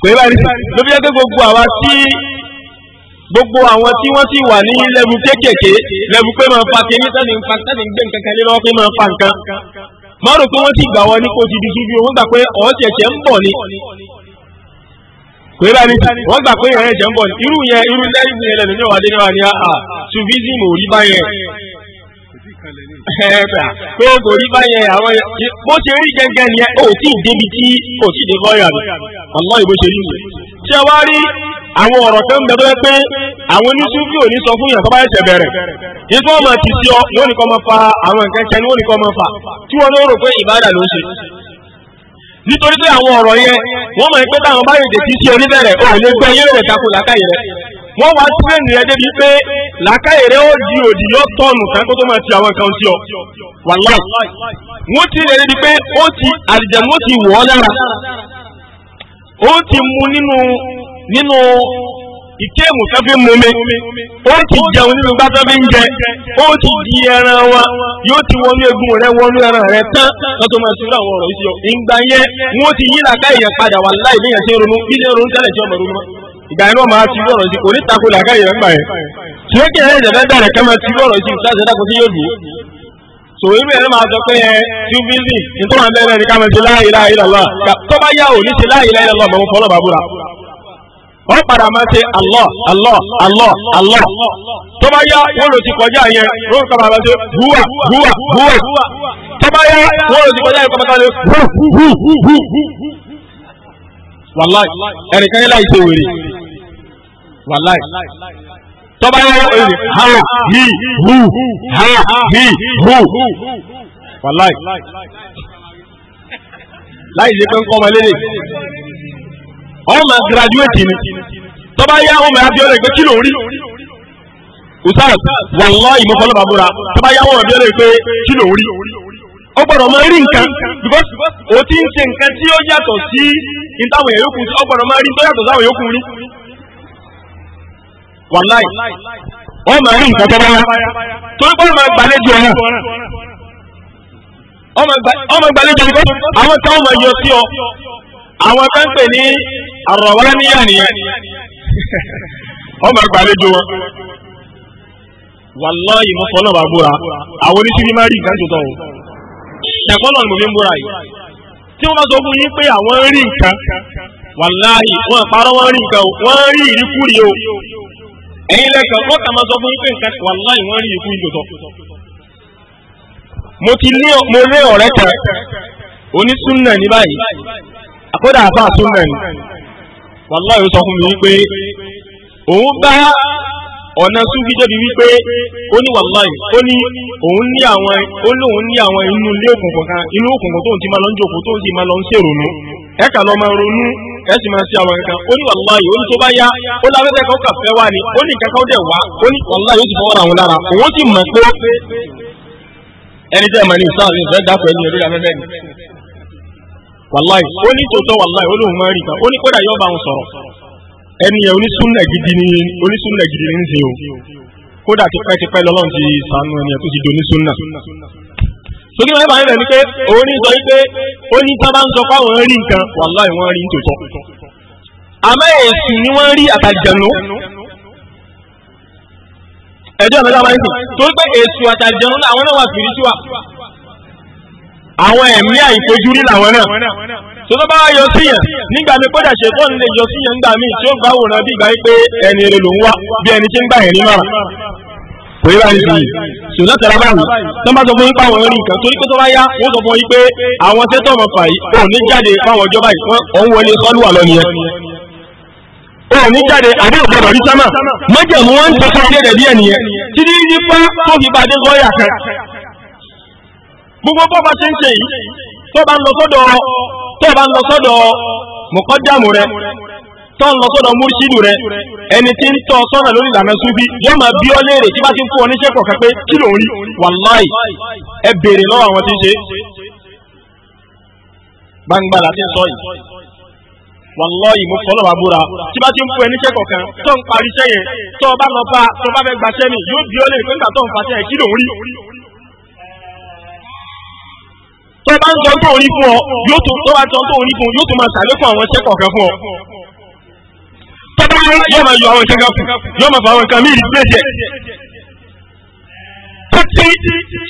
kò yẹ báyìí ló fi jẹ́ pé gbogbo àwa tí gbogbo àwọn tí wọ́n ti wà ní lẹ́bù kéékèèké lẹ́bù pé máa fa kínní sẹ́ni nǹkan sẹ́ni gbé nǹkan kan lé lọ́wọ́ pé máa fa nǹkan má pé wọ́n ti gbà wọ́n ní kó ti di ṣubú wọ́n gbà pé ọ̀ọ́ pé báyìí wọ́n gbà pé ìrìn ya ń bọ̀ irú yẹn irú lẹ́yìn yẹn ní ọ̀wádé náà ni báyẹn o kò báyẹn àwọn bó ṣe rí gẹ́gẹ́ ni ò tí ì débi tí ò tí dé lọ́ọ̀yà mi ọ̀nà ìbò ṣe rí ṣé wá rí àwọn ọ̀rọ̀ tó ń pé àwọn oníṣúfì ò ní sọ fún ti nítorí pé àwọn ọ̀rọ̀ yẹn wọ́n mọ̀ pé táwọn bá yòdè sí sí oníbẹ̀rẹ̀ ò lè gbẹ́ yẹ́rọ rẹ̀ takò làákàyè rẹ̀ wọ́n wá tírẹ̀nì rẹ̀ débi pé làákàyè rẹ̀ ó di òdì yọ tọ́ọ̀nù kan kó tó máa ti àwọn nǹkan sí ọ wàláì wọ́n ti rẹ̀ débi pé ó ti àlìjẹ̀mú ó ti wọ̀ ọ́ lára ó ti mu nínú nínú ìkéèmù tó fi mú mi ó ti jẹun nínú bá tó fi ń jẹ ó ti di ẹran wa yóò ti wọnú egun rẹ wọnú ẹran rẹ tán wọn tó máa sọ̀rọ̀ àwọn ọ̀rọ̀ yìí sí ọ ìgbà yẹn wọn ti yí làkà èèyàn padà wà láì bí èèyàn ṣe ń ronú bí èèyàn ronú tẹ́lẹ̀ tí ọmọ ronú ìgbà yẹn náà máa ti lọ́rọ̀ sí òní tako làkà èèyàn gbà yẹn ṣùgbọ́n kí ẹ̀rẹ́ ìjẹ̀fẹ́ bẹ̀rẹ̀ ká máa ti lọ́rọ̀ sí ìtàṣẹ́ dàkọ sí yóò dùn sòwò ibẹ̀ ló máa sọ pé ẹ tíwbíìsì nítorí àwọn abẹ́rẹ́ ni ká máa ṣe láàyè láàyè lọ́la tó bá yá òní ṣe láàyè láàyè lọ́la mọ̀ fọlọ́ bàbúrà wọ́n padà máa ṣe Allah Allah Allah Allah tó bá yá wọ́n lò ti kọjá yẹn wọ́n kọ́ máa ṣe huwa huwa huwa tó bá yá wọ́n lò ti kọjá yẹn kọ́ máa ṣe hu hu hu hu hu. wàláì ẹnìkan yẹn láì ṣe wèrè wàláì tó bá yá wọ́n lè ha hi hu ha hi hu wàláì láì ṣe pé ń kọ́ ọmọ lélẹ̀. ọmọ graduate ni tọ́ba yá ya abiola ìgbé kí ló rí usaz wàlláhì ìmọ̀fọ́lọ́ba búra tọ́ba yá ọmọ abiola ìgbé kí ló rí ó gbọ́dọ̀ máa rí nǹkan o ti ń ṣe nǹkan o ó yàtọ̀ sí ìtàwọn èèyàn nri. ó gbọ́dọ̀ máa rí tó yàtọ̀ sáwọn yòókù rí wàlláhì ó máa rí nǹkan tọ́ba yá torí bọ́ọ̀lù máa Ọ ma yọ ọ àwọn tó ń pè ní àrọ̀wáníyà ni ọmọ àgbàlejò wọn wàláyé mo fọlọ́ bá búra àwọn oníṣíbí má rí nǹkan tó o ni mo fi tí sọ fún yín pé àwọn rí nǹkan wọn wọn rí nǹkan o wọ́n rí o ẹ̀yin lẹ́kọ̀ọ́ wọ́n kà máa sọ fún yín pé nǹkan wọ́n rí tó mo ti kódà àfa àtúnrẹ̀ ni wàláyé ó sọ fún mi wípé òun bá ọ̀nà súnfí débi wípé ó ní wàláyé ó ní òun ní àwọn ní àwọn inú ti máa lọ ń jòkó tóun ti máa lọ ń ṣèrònú ẹ kà lọ máa ronú ẹ sì máa ṣe àwọn nǹkan ó ní ó ní ni ó ní nǹkan dẹ̀ wá ó ní wàláyé ó sì fọwọ́ àwọn lára òun sì mọ̀ pé ẹni tẹ́ ẹ̀ wàláì ó ní tòótọ́ wàláì ó lóun máa rí nǹkan ó ní kódà yóò bá wọn sọ̀rọ̀ ẹni yẹn onísúnnà gidi ni onísúnnà gidi ni ń ṣe o kódà tipẹ́tipẹ́ lọ́lọ́run ti sànú ẹni tó ti di onísúnnà. sókè máa ń bàyẹ̀ ní pé òun ní sọ pé ó ní sábà ń sọ fáwọn rí nǹkan wàláì wọ́n rí tòótọ́ àmọ́ èsù ni wọ́n rí àtàjẹ̀nú ẹjọ́ àmọ́ láwọn máa ń sìn torí pé èsù àtàjẹ̀nú làwọn náà wà fìrí àwọn ẹ̀mí àìfojúrí làwọn náà tó tó bá wá yọ síyàn nígbà mi kódà ṣètò ní lè yọ síyàn nígbà míì tí ó gbà wòrán bí ìgbà pé ẹni èrè ló ń wá bí ẹni tí ń gbà yẹn ní mara kò yẹ báyìí sí yìí ṣò látara báyìí tó bá sọ fún yín páwọn rí nǹkan torí pé tó bá yá wọ́n sọ fún yín pé àwọn tẹ́tọ̀ ọmọ fà yìí ò ní jáde fáwọn ọjọ́ báyìí wọ́n wọlé sọ́lùwà lọ nìyẹn ò ní jáde àbí ògbọ́dọ̀ rí sámà mọ́jẹ̀mú wọn ń tọ́jú ọdẹ rẹ̀ díẹ̀ nìyẹn títí nípa tó fi bá dé sọ́yà kan gbogbo bọ́ bá ṣe ń ṣe yìí tó bá ń lọ sọ́dọ̀ tó bá ń lọ sọ́dọ̀ mọ̀kọ́dàmù rẹ tó ń lọ sọ́dọ̀ múrísìlù rẹ ẹni tí ń tọ́ sọ́nà lórí ìlànà súbí yóò máa bí ọ léèrè tí bá ti ń fún ọ níṣẹ́ kọ̀ọ̀kan pé kí ló ń rí wàláì ẹ béèrè lọ́wọ́ àwọn tí ń ṣe gbangba la ti ń sọ yìí wàláì mo fọlọ́ wa búra tí bá ti ń fún ẹ níṣẹ́ kọ̀ọ̀kan tó ń parí iṣẹ́ yẹn tó o bá lọ bá tó o bá fẹ́ gbaṣẹ́ mi yóò bí ọ léèrè pé nígbà tó ń faṣẹ́ yẹn kí ló ń rí bẹ́ẹ̀ bá ń sọ tó orí fún ọ yóò tún tó bá sọ tó orí fún yóò tún máa ṣàlékún àwọn iṣẹ́ kọ̀ọ̀kan fún ọ. tọ́ba yóò máa yọ àwọn iṣẹ́ kan fún yóò máa fa àwọn nǹkan míì ìdílé jẹ. títí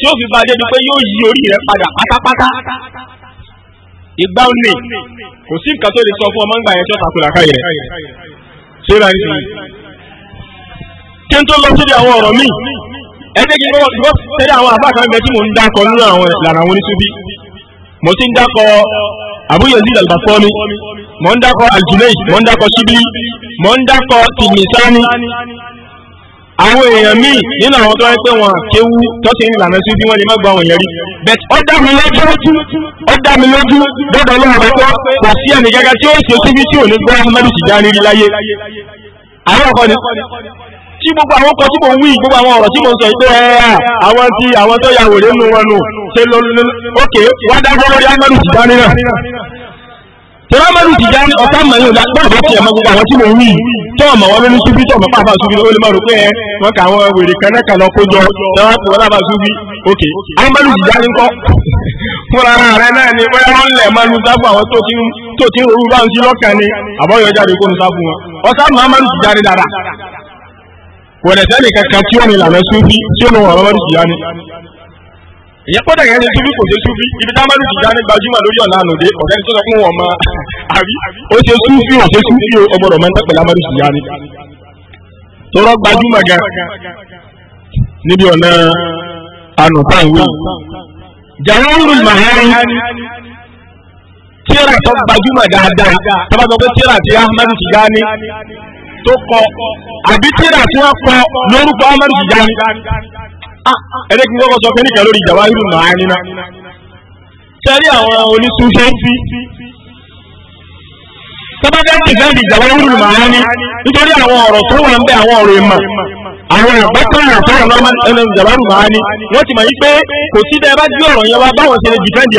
tí ó fi bá a débi pé yóò yí orí rẹ padà pátápátá. ìgbà òní kò sí nǹkan tó lè sọ fún ọmọ ńgbà yẹn tó takùlà káyẹ. ṣé ra ní kí n tó lọ síbi àwọn ọ̀rọ̀ míì ẹgbẹ́ kí n bọ́ tẹ́lẹ̀ àwọn àbá kan bẹ tí mò ń dákọ̀ nínú àwọn ìlànà àwọn oníṣubí mo ti ń dákọ Abu Yazid al-Bastami mo ń dákọ al-Julayj mo ń dákọ Shibli mo ń dákọ Timisani àwọn èèyàn míì nínú àwọn tó wáyé pé wọn kéwú tó ti ń lànà sí bí wọn lè má gba àwọn èèyàn rí bẹ́ẹ̀ ó dá mi lójú ó dá mi lójú gbọ́dọ̀ ló rẹ pé kò sí ẹnì gẹ́gẹ́ tí ó ṣe síbi tí ò ní gbọ́ Ahmadu Tijani rí láyé àwọn ọkọ ni tí gbogbo àwọn kan tí mo ń wí gbogbo àwọn ọ̀rọ̀ tí mo ń sọ pé àwọn tí àwọn tó ya wòlé nu wọn nù ṣe ló ló ókè wá dájọ́ lórí amadu tìjáni náà tẹ̀lé amadu tìjáni ọ̀tá mẹ́rin ò dájọ́ tiẹ̀ mọ gbogbo àwọn tí mo ń wí tó ọmọ wọn lóní súbí tó ọmọ pàápàá súbí ó lè má rò ẹ wọn kà àwọn wèrè kan náà kà lọ kó jọ lọ́wọ́ pé wọn náà bá súbí ókè amadu tìjáni kọ́ fúnra rẹ náà ni wọ́n yára ń máa lu sáfù àwọn tó ti ń tó ti ń rú bá ń sí lọ́kàn ni àbọ̀yọ̀ jáde kó ń sáfù wọn ọ̀sán muhammadu tìjáni dára kò lè sẹ́ni kankan tí ó ní ìlànà súnfí tí ó ní ọ̀rọ̀ lọ́dún tìyá ni. ìyẹn pọ́tà kẹ́kẹ́ ṣe súnfí kò ṣe súnfí ibi táwọn lọ́dún tìyá ni gbajúmọ̀ lórí ọ̀la ànàdé ọ̀gá ni tó sọ fún wọn ma àbí ó ṣe súnfí ò ṣe súnfí o gbọ́dọ̀ máa ń tẹ́pẹ̀ lámọ́dún tìyá ni. tọrọ gbajúmọ̀ gan níbi ọ̀nà ànùtàwé jàrúurú màhání tíra tó gbajúmọ̀ dáadáa tọ́ba tó fẹ́ tíra ti Ahmadu tó kọ àbí tíra tí wọ́n kọ lórúkọ amadu Tijani ah, ah. ẹni kí n kọ́kọ́ sọ pé níkà lórí Jawahiru Ma'ani náà sẹ́rí àwọn onísúnṣe ń fi tọ́bátẹ́ ọrụ Jawahiru Ma'ani nítorí àwọn ọ̀rọ̀ tó wà ń bẹ àwọn ọ̀rọ̀ ìmọ̀ àwọn Jawahiru ti mọ̀ yí pé kò sí bẹ́ẹ̀ bá gbé ọ̀rọ̀ yẹn wá báwọn ṣe lè dìfẹ́ǹdì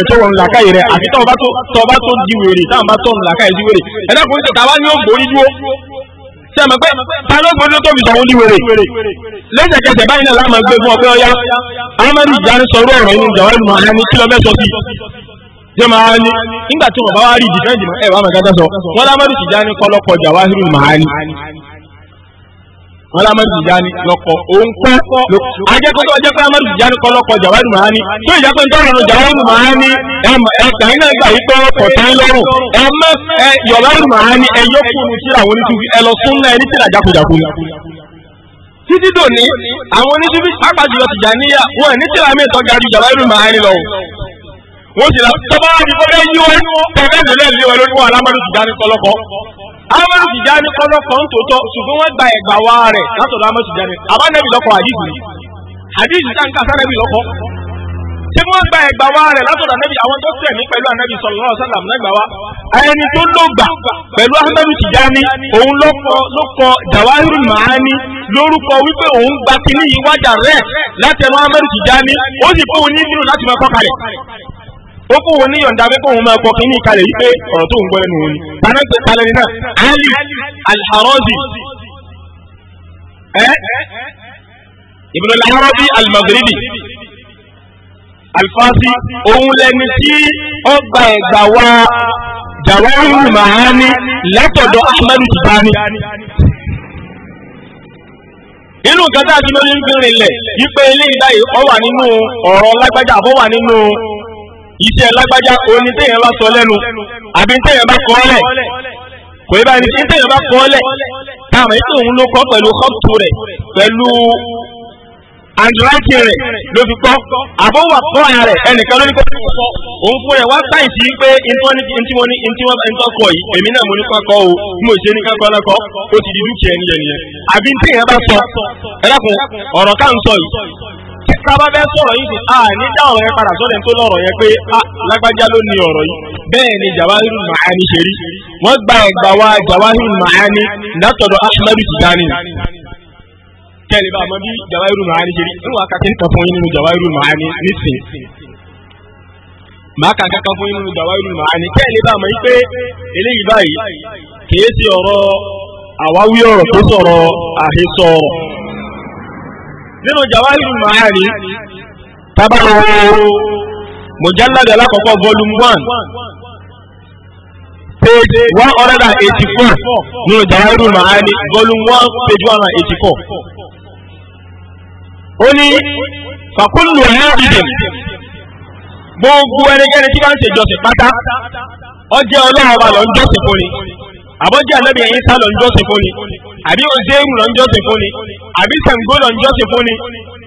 di wèrè táwọn bá ṣe àmọ́ pé ta ló fojú tó fi sọ̀hún ní wèrè lẹ́sẹ̀kẹsẹ̀ báyìí náà láàmú gbé fún ọpẹ́ ọyá amadu jani sọ̀rọ̀ ọ̀rọ̀ yìí jọ̀wọ́ ẹnu àná ní kílọ̀ mẹ́sọ̀ sí ṣé máa ní nígbà tí wọn bá wá rí ìdí fẹ́ǹdì mọ́ ẹ̀ wá mọ̀ wọn lamọ ìjìjáni lọkọ òun pẹ ajẹkọtọ ọjọpẹ amọ ìjìjáni kọ lọkọ jawari mahani tó ìjọpẹ ntọrọ lọ jawari mahani ẹka iná gbà yí pé ọkọ tẹ lọrùn ẹ mọ ẹ yọlọrùn mahani ẹ yọ kúrú tíra àwọn oníṣubí ẹ lọ sún náà ẹni tíra jákujàku ni. títí dòní àwọn oníṣubí pàpàjùlọ Tìjàníyà wọn ní tíra mi tọ́ ga ju jawari mahani lọ wọ́n ti la tọ́ba àti tọ́ba amadu tijani kọlọ kan tó tọ ṣùgbọ́n wọ́n gba ẹ̀gbà wa rẹ̀ látọ̀dọ̀ amadu tijani abanabi lọ́kọ̀ àdìsí àdìsí tá n ká sanabi lọ́kọ̀ ṣé wọ́n gba ẹ̀gbà wa rẹ̀ látọ̀dọ̀ anabi àwọn tó tẹ̀ mí pẹ̀lú anabi sallallahu alaihi wasallam náà gbà wá ẹni tó ló pẹ̀lú amadu tijani òun lọ́kọ̀ jawahiru maani lórúkọ wípé òun gba kínní wájà rẹ̀ látẹnu amadu tijani ó sì fóun ní ó kó wọn níyọ̀ǹda pé kóun máa kọ kínní kalẹ̀ yìí pé ọ̀rọ̀ tó ń gbọ́ lẹ́nu wọn ni. tànàpẹ̀ kalẹ̀ nínà Ali Al-Harazi ẹ́ Ibn Al-Arabi Al-Maghribi Al-Fasi òun lẹni tí ó gba ẹ̀gbà wa Jawahirul Ma'ani látọ̀dọ̀ Ahmadu Tijani nínú nǹkan tá a ti lórí ń gbìnrin lẹ̀ yí pé eléyìí báyìí ó wà nínú ọ̀rọ̀ lágbájá àbọ̀ wà nínú iṣẹ́ lágbájá oní téèyàn bá sọ lẹ́nu àbí téèyàn bá kọ́ lẹ̀ kò yẹ báyìí ní téèyàn bá kọ́ lẹ̀ táwọn ètò òun ló kọ́ pẹ̀lú kọ́pù rẹ̀ pẹ̀lú àndúráìtì rẹ̀ ló fi kọ́ àbọ̀wà kọ́ ara rẹ̀ ẹnìkan ló ní kọ́ sọ òun fún rẹ̀ wá sáì sí pé ntí wọn ní ntí wọn ń tọkọ yìí èmi náà mo ní kọ́kọ́ o bí mo ṣe ní kọ́kọ́ lọ́kọ́ ó ti di dúkìá ni nìyẹn àbí téèyàn bá sọ ẹ dákun ọ̀rọ̀ ká ń sábà bẹ sọ̀rọ̀ yìí a ní dá yẹn padà sọ́dẹ̀ tó lọ́rọ̀ yẹn pé a lágbájá ló ní ọ̀rọ̀ yìí bẹ́ẹ̀ ni jawahiru ma'ani ṣe rí wọ́n gba wa jawahiru ma'ani látọ̀dọ̀ ahmadu tijani kẹ́lẹ̀ bá a mọ bí ma'ani ṣe rí nínú akákẹ́ kan fún yín nínú jawahiru ma'ani màá kà kankan fún yín nínú jawahiru ma'ani bá a mọ pé eléyìí báyìí nínú Jawahirul Ma'ani tábàlù mujallad alákọ̀ọ́kọ́ volume one page one hundred and eighty four nínú Jawahirul Ma'ani volume one page one hundred and eighty four. ó ní fàkúlù ẹ̀ẹ́dìdìm gbogbo ẹnikẹ́ni tí bá ń ṣèjọsìn pátá ọjẹ́ ọlọ́run ọba lọ́njọ́sìn fún ni àbọ̀jẹ́ ànábìyẹn yín sá lọ́njọ́sìn fún ni àbí òzéèrú lọ ń jọ́sìn fún ni àbí Ṣàngó lọ ń jọ́sìn fún ni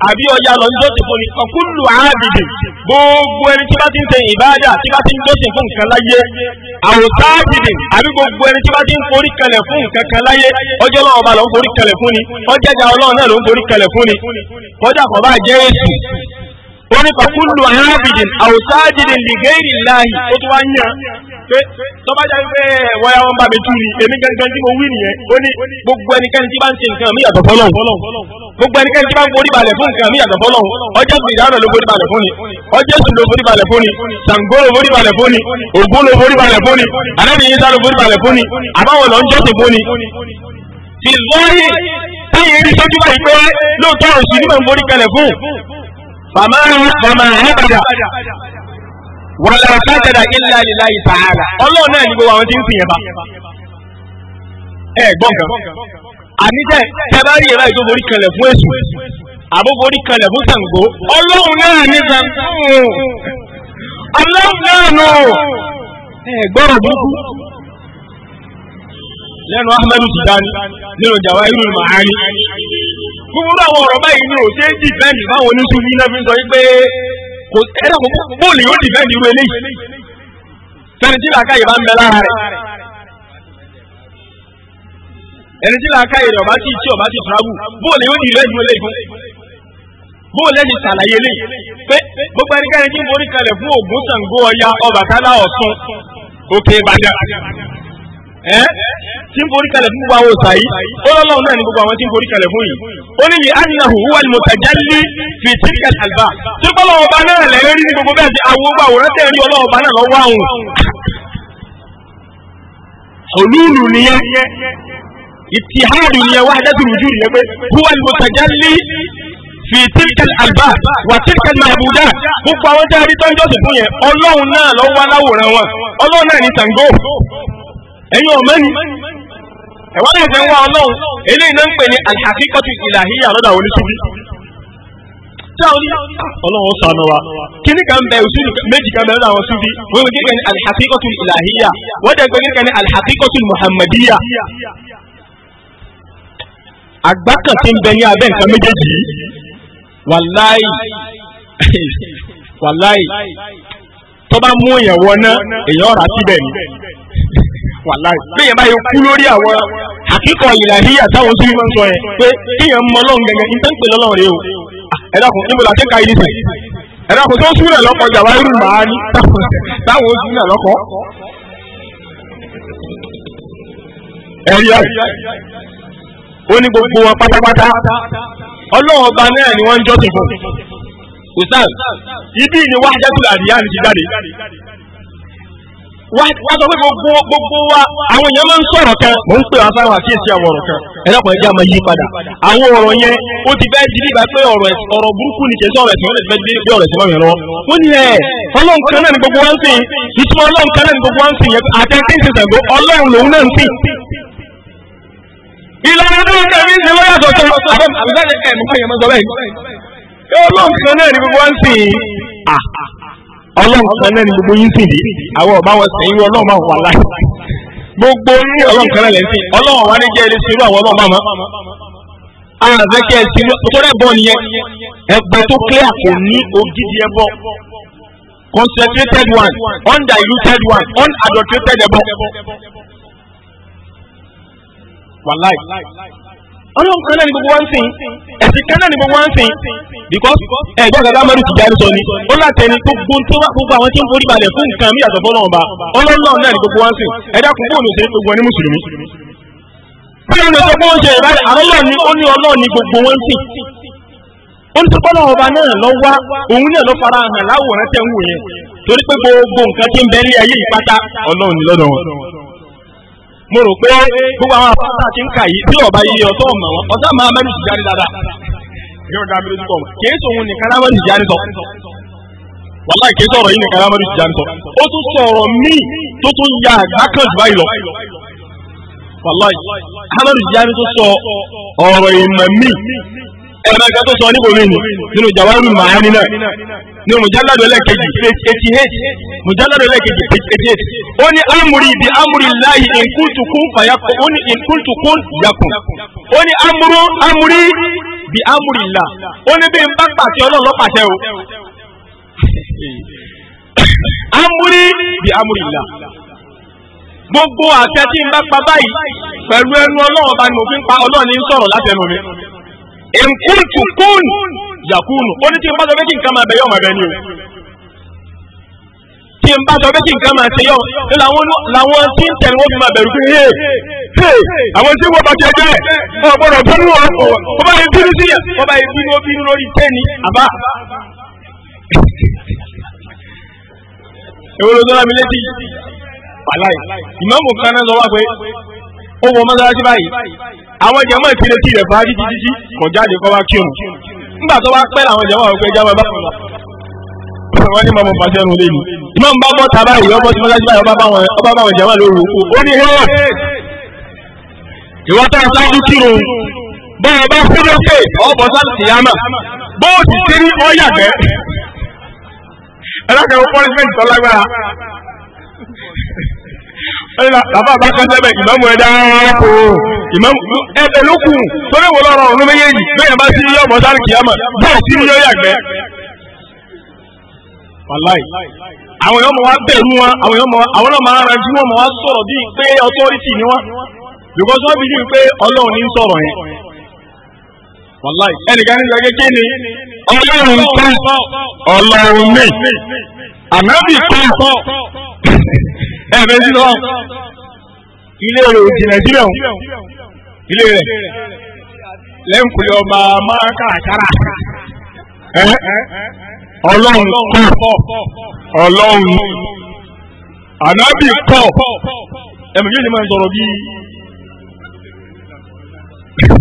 àbí Ọya lọ ń jọ́sìn fún ni ọ̀kúlù àádìdì gbogbo ẹni tí bá ti ń ṣe ìbáàdà tí bá ti ń jọ́sìn fún nǹkan láyé àwòtáàdìdì àbí gbogbo ẹni tí bá ti ń forí kalẹ̀ fún nǹkan kan láyé ọjọ́ náà ọba lọ ń forí kalẹ̀ fún ni ọjọ́jà ọlọ́run náà ló ń forí kalẹ̀ fún ni kọjá kọ̀ jẹ́ èsì ó ní kọ̀kúlù àádìdì àwòtáàdìdì lìgẹ́rì láàyè pé tọ́bájá wípé ẹ̀wọ́ eh, ya wọn bá mi tú èmi gangan tí mo wí nìyẹn ó ní gbogbo ẹnikẹ́ni tí bá ń ṣe nǹkan mi yàtọ̀ fọlọ́n gbogbo ẹnikẹ́ni tí bá ń forí balẹ̀ fún nǹkan mi yàtọ̀ fọlọ́n ọjọ́ sì ìdáná ló forí balẹ̀ fún ni ọjọ́ sì ló forí balẹ̀ fún ni Ṣàngó ló forí balẹ̀ fún ni Ògún ló forí balẹ̀ fún ni anáníyí sá ló forí balẹ̀ fún ni àbáwọn lọ ń jọ́sìn ń forí wàlá sájàdà ilá lílá ìtàhálà ọlọ́run náà ní gbogbo àwọn tí ń sìn yẹn bá ẹ gbọ́n kan àníjẹ́ tẹ́bá rí ẹ̀rọ ìjọba orí kanlẹ̀ fún èṣù àbúkọ orí kanlẹ̀ fún Ṣàngó ọlọ́run náà ní Ṣàngó ọlọ́run náà nù ẹ gbọ́rọ̀ burúkú lẹ́nu Ahmadu Tijani nínú Jawahirul Ma'ani gbogbo àwọn ọ̀rọ̀ báyìí ní òṣèjì bẹ́ẹ̀ ní báwọn oníṣu ní náà sọ yí pé kò ẹ̀rọ bóòlù yóò dìfẹ́ ní irú eléyìí fẹ́ni tí làákàyè bá ń bẹ lára rẹ̀ ẹni tí làákàyè rẹ̀ ọba tí tí ọba ti travel bóòlù yóò dìfẹ́ ní irú eléyìí fún bóòlù ẹ̀jẹ̀ sàlàyé eléyìí pé gbogbo ẹnikẹ́ni tí ń borí kalẹ̀ fún Ògún Ṣàngó Ọya Ọbàtálá Ọ̀ṣun òkè Ìbàdàn. tí ń forí kalẹ̀ fún gbogbo àwọn òsà yìí ó náà ní gbogbo àwọn tí ń forí kalẹ̀ fún yìí ó ní lè ánìyàwó wà ní mọ̀tàjálì fi tí gbọ́dọ̀ ọba náà lẹ́rẹ́ rí ní gbogbo bẹ́ẹ̀ sí àwọn gbogbo àwòrán tẹ̀ rí ọba náà lọ́wọ́ àwọn olúùlù nìyẹn ìtìhádù nìyẹn ẹ̀yin ọ̀mẹ́ni ẹ̀wá lè fẹ́ wá ọlọ́run eléyìí náà ń pè ní alhakikatu ìlàhíyà lọ́dọ̀ àwọn oníṣubú ah, ọlọ́run sànù wa kíní kan bẹ òṣùlù méjì kan bẹ lọ́dọ̀ àwọn sufi wọ́n yóò kíkẹ́ ní alhakikatu ìlàhíyà wọ́n dẹ̀ pé kíkẹ́ ní alhakikatu muhammadiya àgbákan tí ń bẹ ní abẹ́ nǹkan méjèèjì wàláì wàláì tó bá mú èèyàn wọná èèyàn ọ̀rà síbẹ̀ ni. wàláì bẹ́ẹ̀ báyìí kú lórí àwọn àkíkọ̀ ìlàhíyà táwọn tó yíwọ́n sọ yẹn pé kéèyàn mọ lọ́n gẹ́gẹ́ níta pè lọ́lọ́run rèé o ẹ̀dàkùn níbo la ti ka yìí ẹ̀dàkùn tó lọ́kọ̀ jàwá irú màá ní táwọn lọ́kọ̀ gbogbo wọn pátápátá náà ni wọ́n ibi ni wá sọ pé gbogbo gbogbo wa àwọn èèyàn máa ń sọ̀rọ̀ kan mò ń pè wá sáwọn àkíyèsí àwọn ọ̀rọ̀ kan ẹ̀dọ́kùn ẹja máa yí padà àwọn ọ̀rọ̀ yẹn ó ti fẹ́ di bíbá pé ọ̀rọ̀ ọ̀rọ̀ burúkú ni kì í sọ̀rọ̀ ẹ̀sìn ó lè fẹ́ di bí ọ̀rọ̀ ẹ̀sìn máa yẹn lọ. wọ́n ní ẹ̀ ọlọ́run kan náà ni gbogbo wa ń sìn ìtumọ̀ ọlọ́run kan náà ni gbogbo wa ń sìn yẹn àtẹ̀kẹ́ ń sìn sàgbó ọlọ́run lòun náà ń sìn ìlànà tó ń tẹ̀lé ṣe lọ́yà sọ̀tọ̀ àbúrò ẹ̀ mú kọ́ yẹn mọ́ sọ bẹ́ẹ̀ ni. ọlọ́run kan náà ni gbogbo wa ń sìn ọlọ́run náà ni gbogbo yín ọba wọn sẹ́yìn ọlọ́run máa wà gbogbo yín ọlọ́run náà lẹ́yìn ọlọ́run wa ní jẹ́ ilé sírú àwọn ọlọ́run máa mọ́ àràfẹ́kẹ́ sírú torí nìyẹn ẹgbẹ́ tó clear kò ní undiluted one unadulterated wà ọlọ́run kan náà ni gbogbo wa ń sìn ẹ̀sìn kan náà ni gbogbo wa ń sìn because ẹ̀gbọ́n gàgà amadu Tijani sọ ni ó látẹni gbogbo tó bá gbogbo àwọn tí ń forí balẹ̀ fún nǹkan mí yàtọ̀ fọlọ́run ba ọlọ́run náà ni gbogbo wa ń sìn ẹ̀dá kún fóònù ṣe gbogbo ẹni mùsùlùmí. bí wọn lè sọ pé wọn ìbálẹ̀ àlọ́lọ́ ni ó ní ọlọ́run ni gbogbo wọn ń sìn ó ní sọpọ́nà ọba náà lọ wá òun náà lọ mo rò pé gbogbo àwọn afáàtà ti ń kà yìí bí ọba yìí ọtọ ọmọ wọn ọtá máa mẹnu sìgárì dáadáa yóò dá mi lójú tọ kì sòun nìkan náà mẹnu sìgárì tọ wàláì kì í yìí nìkan náà mẹnu sìgárì tọ ó tún sọ̀rọ̀ míì tó tún ya àgbákan jù báyìí lọ wàláì hamadu sìgárì tó sọ ọ̀rọ̀ ìmọ̀ míì ẹ̀rọ ẹ̀ka tó sọ níbo mi nì nínú jawaru mahani náà ní mujalladu ẹlẹ́kejì page eighty eight mujalladu ẹlẹ́kejì page eighty eight ó ní amúri bi amúri láyé nkúntukún fàyàkùn ó ní nkúntukún yàkùn ó ní amúrú amúri bi amúri là ó ní bí n bá pàṣẹ ọlọ́run pàṣẹ o (coughs) amúri bi amúri là gbogbo àṣẹ tí n bá pa báyìí pẹ̀lú ẹnu ọlọ́run bá ní mo fi ń pa ọlọ́run sọ̀rọ̀ láti mi nkuntu kun yakunu ó ní tí n bá sọ pé kí nǹkan máa bẹ yọ ọmọ bẹ ni o tí n bá sọ pé kí nǹkan máa ṣe yọ làwọn tí ń tẹ̀lé wọn fi máa bẹ̀rù pé hé hé àwọn tí wọn bá jẹ jẹ ọgbọdọ bínú wọn wọn bá yẹ bínú síyà wọn bá yẹ bínú bínú lórí tẹni àbá. èwo ló sọ́ra mi létí wàláì ìmọ̀ọ́mù kan náà sọ wá pé ó wọ mọ́sálásí báyìí. àwọn jẹ̀mọ́ ìpínlẹ̀ tí rẹ̀ fà á jíjí kọ̀ jáde kọ́ wá kírun nígbà tó wá pẹ́ làwọn jẹ̀mọ́ àwọn pé jáwọ́ bá wọn lọ. wọ́n ní mọ̀mọ́ pàṣẹ nu lé ní. ìmọ̀ ń bá bọ́ ọbọ̀ tí ọba bá wọn jẹ̀mọ́ lóru òkú. ó ní a sáájú kírun bọ́ọ̀ bá fúnlé pé ẹ̀rọ bàbá àbákẹ́sẹ́bẹ̀ ìmáàmù ẹ̀dá kò ìmáàmù ẹ̀bẹ̀ ló kù torí wò lọ́rọ̀ ọ̀run méjèèjì bẹ́ẹ̀ bá sí yọ ọmọ sáré kìámà bẹ́ẹ̀ sí yọ yàgbẹ́. wàláì àwọn èèyàn mọ̀ wá wọn àwọn èèyàn àwọn náà máa wọn bíi pé ni wọn pé ní yẹn wàláì ẹnìkan kékeré ni tó mi ànábì tó ẹ̀rẹ́ sí lọ́wọ́ ilé rẹ̀ ò jìnà síbẹ̀ o ilé rẹ̀ lẹ́ǹkulẹ̀ ọba máa ọlọ́run kọ́ ọlọ́run ànábì kọ́ ẹ̀mí yóò ní máa sọ̀rọ̀ bíi wọ́n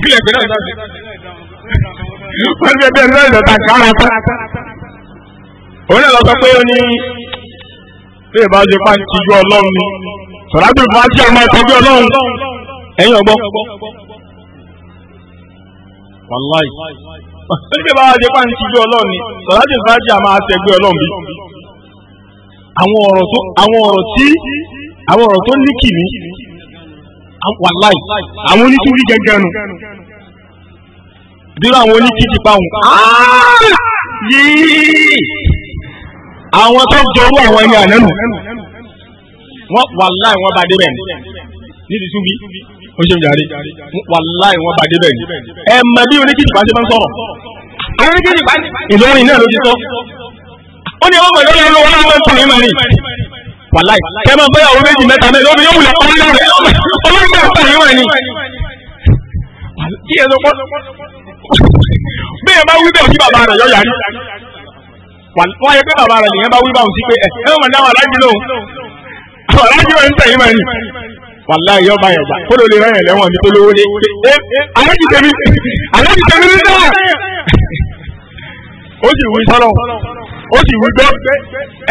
ti bẹ̀rẹ̀ náà ìdọ̀tà káràtà òun náà lọ sọ pé ó ní bí ìbájú pa ń tijú ọlọ́run ni sọ̀rọ̀bí fún àti àmọ́ ìtọ́jú ọlọ́run ẹ̀yìn ọgbọ́. wàláì bí ìbájú pa ń tijú ọlọ́run ni sọ̀rọ̀bí fún àti àmọ́ àtẹ̀gbẹ́ ọlọ́run bí. àwọn ọ̀rọ̀ tó àwọn ọ̀rọ̀ tí àwọn ọ̀rọ̀ tó ní kìíní wàláì àwọn onítúbí gẹ́gẹ́ nu dúró àwọn onítìtì pa òun yìí àwọn tó jọrú àwọn ẹni àná nù wọ́n wàláì wọ́n bá débẹ̀ ní níbi túbí ó ṣe ń jàre wàláì wọ́n bá débẹ̀ ní. ẹ mọ bí oníkìtì bá ṣe máa ń sọ̀rọ̀ àwọn oníkìtì bá ìlọrin náà ló ti sọ ó ní ọmọ ìlọrin ló wọ́n máa ń tún ìmọ̀ ni wàláì kẹ́ máa bẹ́yà owó méjì mẹ́ta mẹ́rin lóbi yóò wulẹ̀ pa ọ́nà rẹ̀ olóńgbà ọ̀tún ìmọ̀ ni. bí ẹ bá wí bẹ́ẹ̀ kí bàbá rẹ̀ yọ yàrá wọ́n yẹ pé bàbá rẹ̀ nìyẹn bá wí báwọn sí pé eh, ẹ ẹ wọ́n dáhùn aláàjì lóhùn àwọn aláàjì rẹ̀ ń tẹ̀yìn mọ́ ni wàlá yọ bá yẹ gbà kó ló lè rẹ̀ yẹn lẹ́wọ̀n mi tó lówó lé eh, eh, aláàjì tèmi aláàjì tèmi ní dáhà ó sì wí sọ́lọ́ ó sì wí gbọ́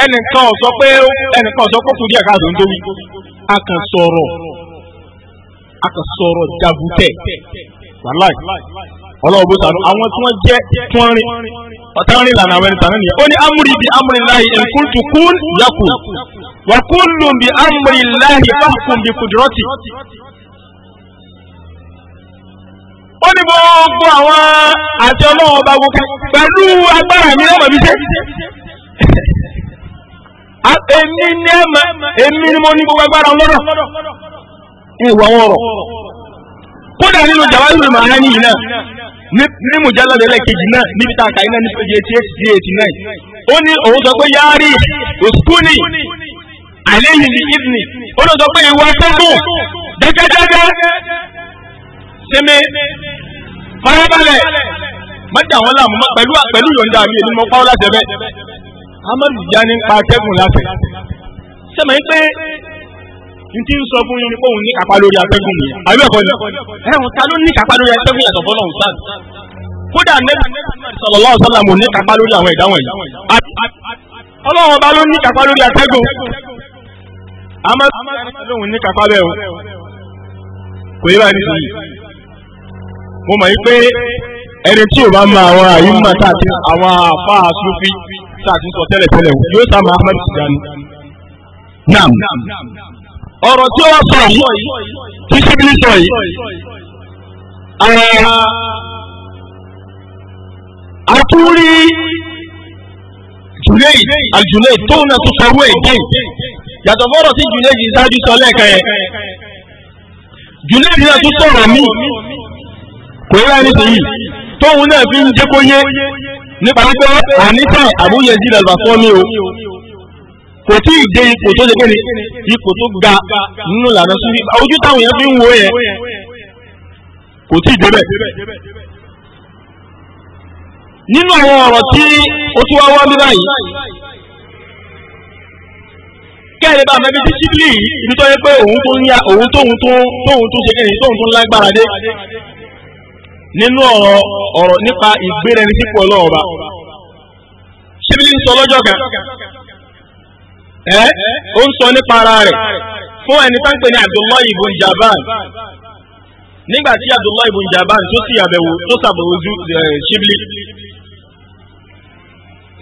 ẹnìkan sọ pé ẹnìkan sọ pé kò díẹ̀ káàdó ń tóbi a kàn a kàn sọ̀rọ̀ jàbútẹ̀ wàlá ọlọ́wọ́ bó sànú àwọn tí wọ́n jẹ́ tí wọ́n rìn àwọn ní amúri bi amúri láhi ẹ̀kúntù kún yakù wà kúlù bi amúri láhi fáfún bi kùdùrọ́tì. ó ní gbogbo àwọn àti ọlọ́wọ́ gbogbo pẹ̀lú agbára mi lọ́mọ bí ṣe. èmi ni ẹ èmi ni mo ní gbogbo agbára ọlọ́rọ̀ ìwà ọ̀rọ̀ kódà nínú jàwáyé ní mùjálà lẹ́lẹ́kejì náà níbi tá a kà iná ní page eighty eight sí eighty nine ó ní òun sọ pé yáàrí òsùkúnì àléyìn ní ìdìní ó lọ sọ pé ìwà atẹ́gùn dágádágá sinmi farabalẹ̀ mọ́tà wọn làmú pẹ̀lú pẹ̀lú yọ̀ǹda mi èmi mọ́ pàwọ́ láti ẹ̀bẹ̀ amadu jani pa atẹ́gùn láti sẹ́mi pé n ti ń sọ fún yín ni kóun ní kápá lórí atẹ́gùn nìyẹn àbí ẹ̀kọ́ ni ẹ̀hún ta ló ní kápá lórí atẹ́gùn yàtọ̀ fọ́nà ọ̀sán kódà nẹ́bí sallallahu alaihi wasallam ní kápá lórí àwọn ẹ̀dá wọ̀nyí ọlọ́run ọba ló ní kápá lórí atẹ́gùn àmọ́ lóun ní kápá bẹ́ẹ̀ o kò yíra ní sèyí mo mọ̀ pé ẹni tí ò bá ma àwọn àyíǹmà tàbí àwọn àfa àsúfí tàbí sọ tẹ́lẹ̀tẹ́lẹ̀ yóò sá ma Ahmed Tijani. Naam ọ̀rọ̀ tí ó wá sọ yìí tí síbílì sọ yìí àtúrí jùlẹ̀ àjùlẹ̀ tóun náà tó sọrú ẹ̀ dé yàtọ̀ fọ́rọ̀ tí jùlẹ̀ yìí ṣáájú sọ lẹ́ẹ̀kan yẹn jùlẹ̀ yìí náà tó sọ̀rọ̀ mí kò yára ní sèyí tóun náà fi ń jẹ́ kó nípa wípé àníṣà àbúyẹ jí lọ́lọ́fọ́ mi o. kò tí ipò tó gbé kéde ipò tó ga nínú ìlànà sí ojú táwọn fi ń wo kò tí nínú àwọn ọ̀rọ̀ tí o tún wá wá bí báyìí mẹ́bí yìí ibi tó yẹ pé òun tó ń ya òun tóun tó tóun tó ṣe tóun tó ń lágbára dé nínú ọ̀rọ̀ ọ̀rọ̀ nípa ẹ́ eh? ó ń sọ nípa ara rẹ̀ fún ẹni tá ń pè ní Abdullahi ibn Jaban nígbà tí Abdullahi ibn Jaban tó sì àbẹ̀wò tó sàbẹ̀wò Ṣibli eh,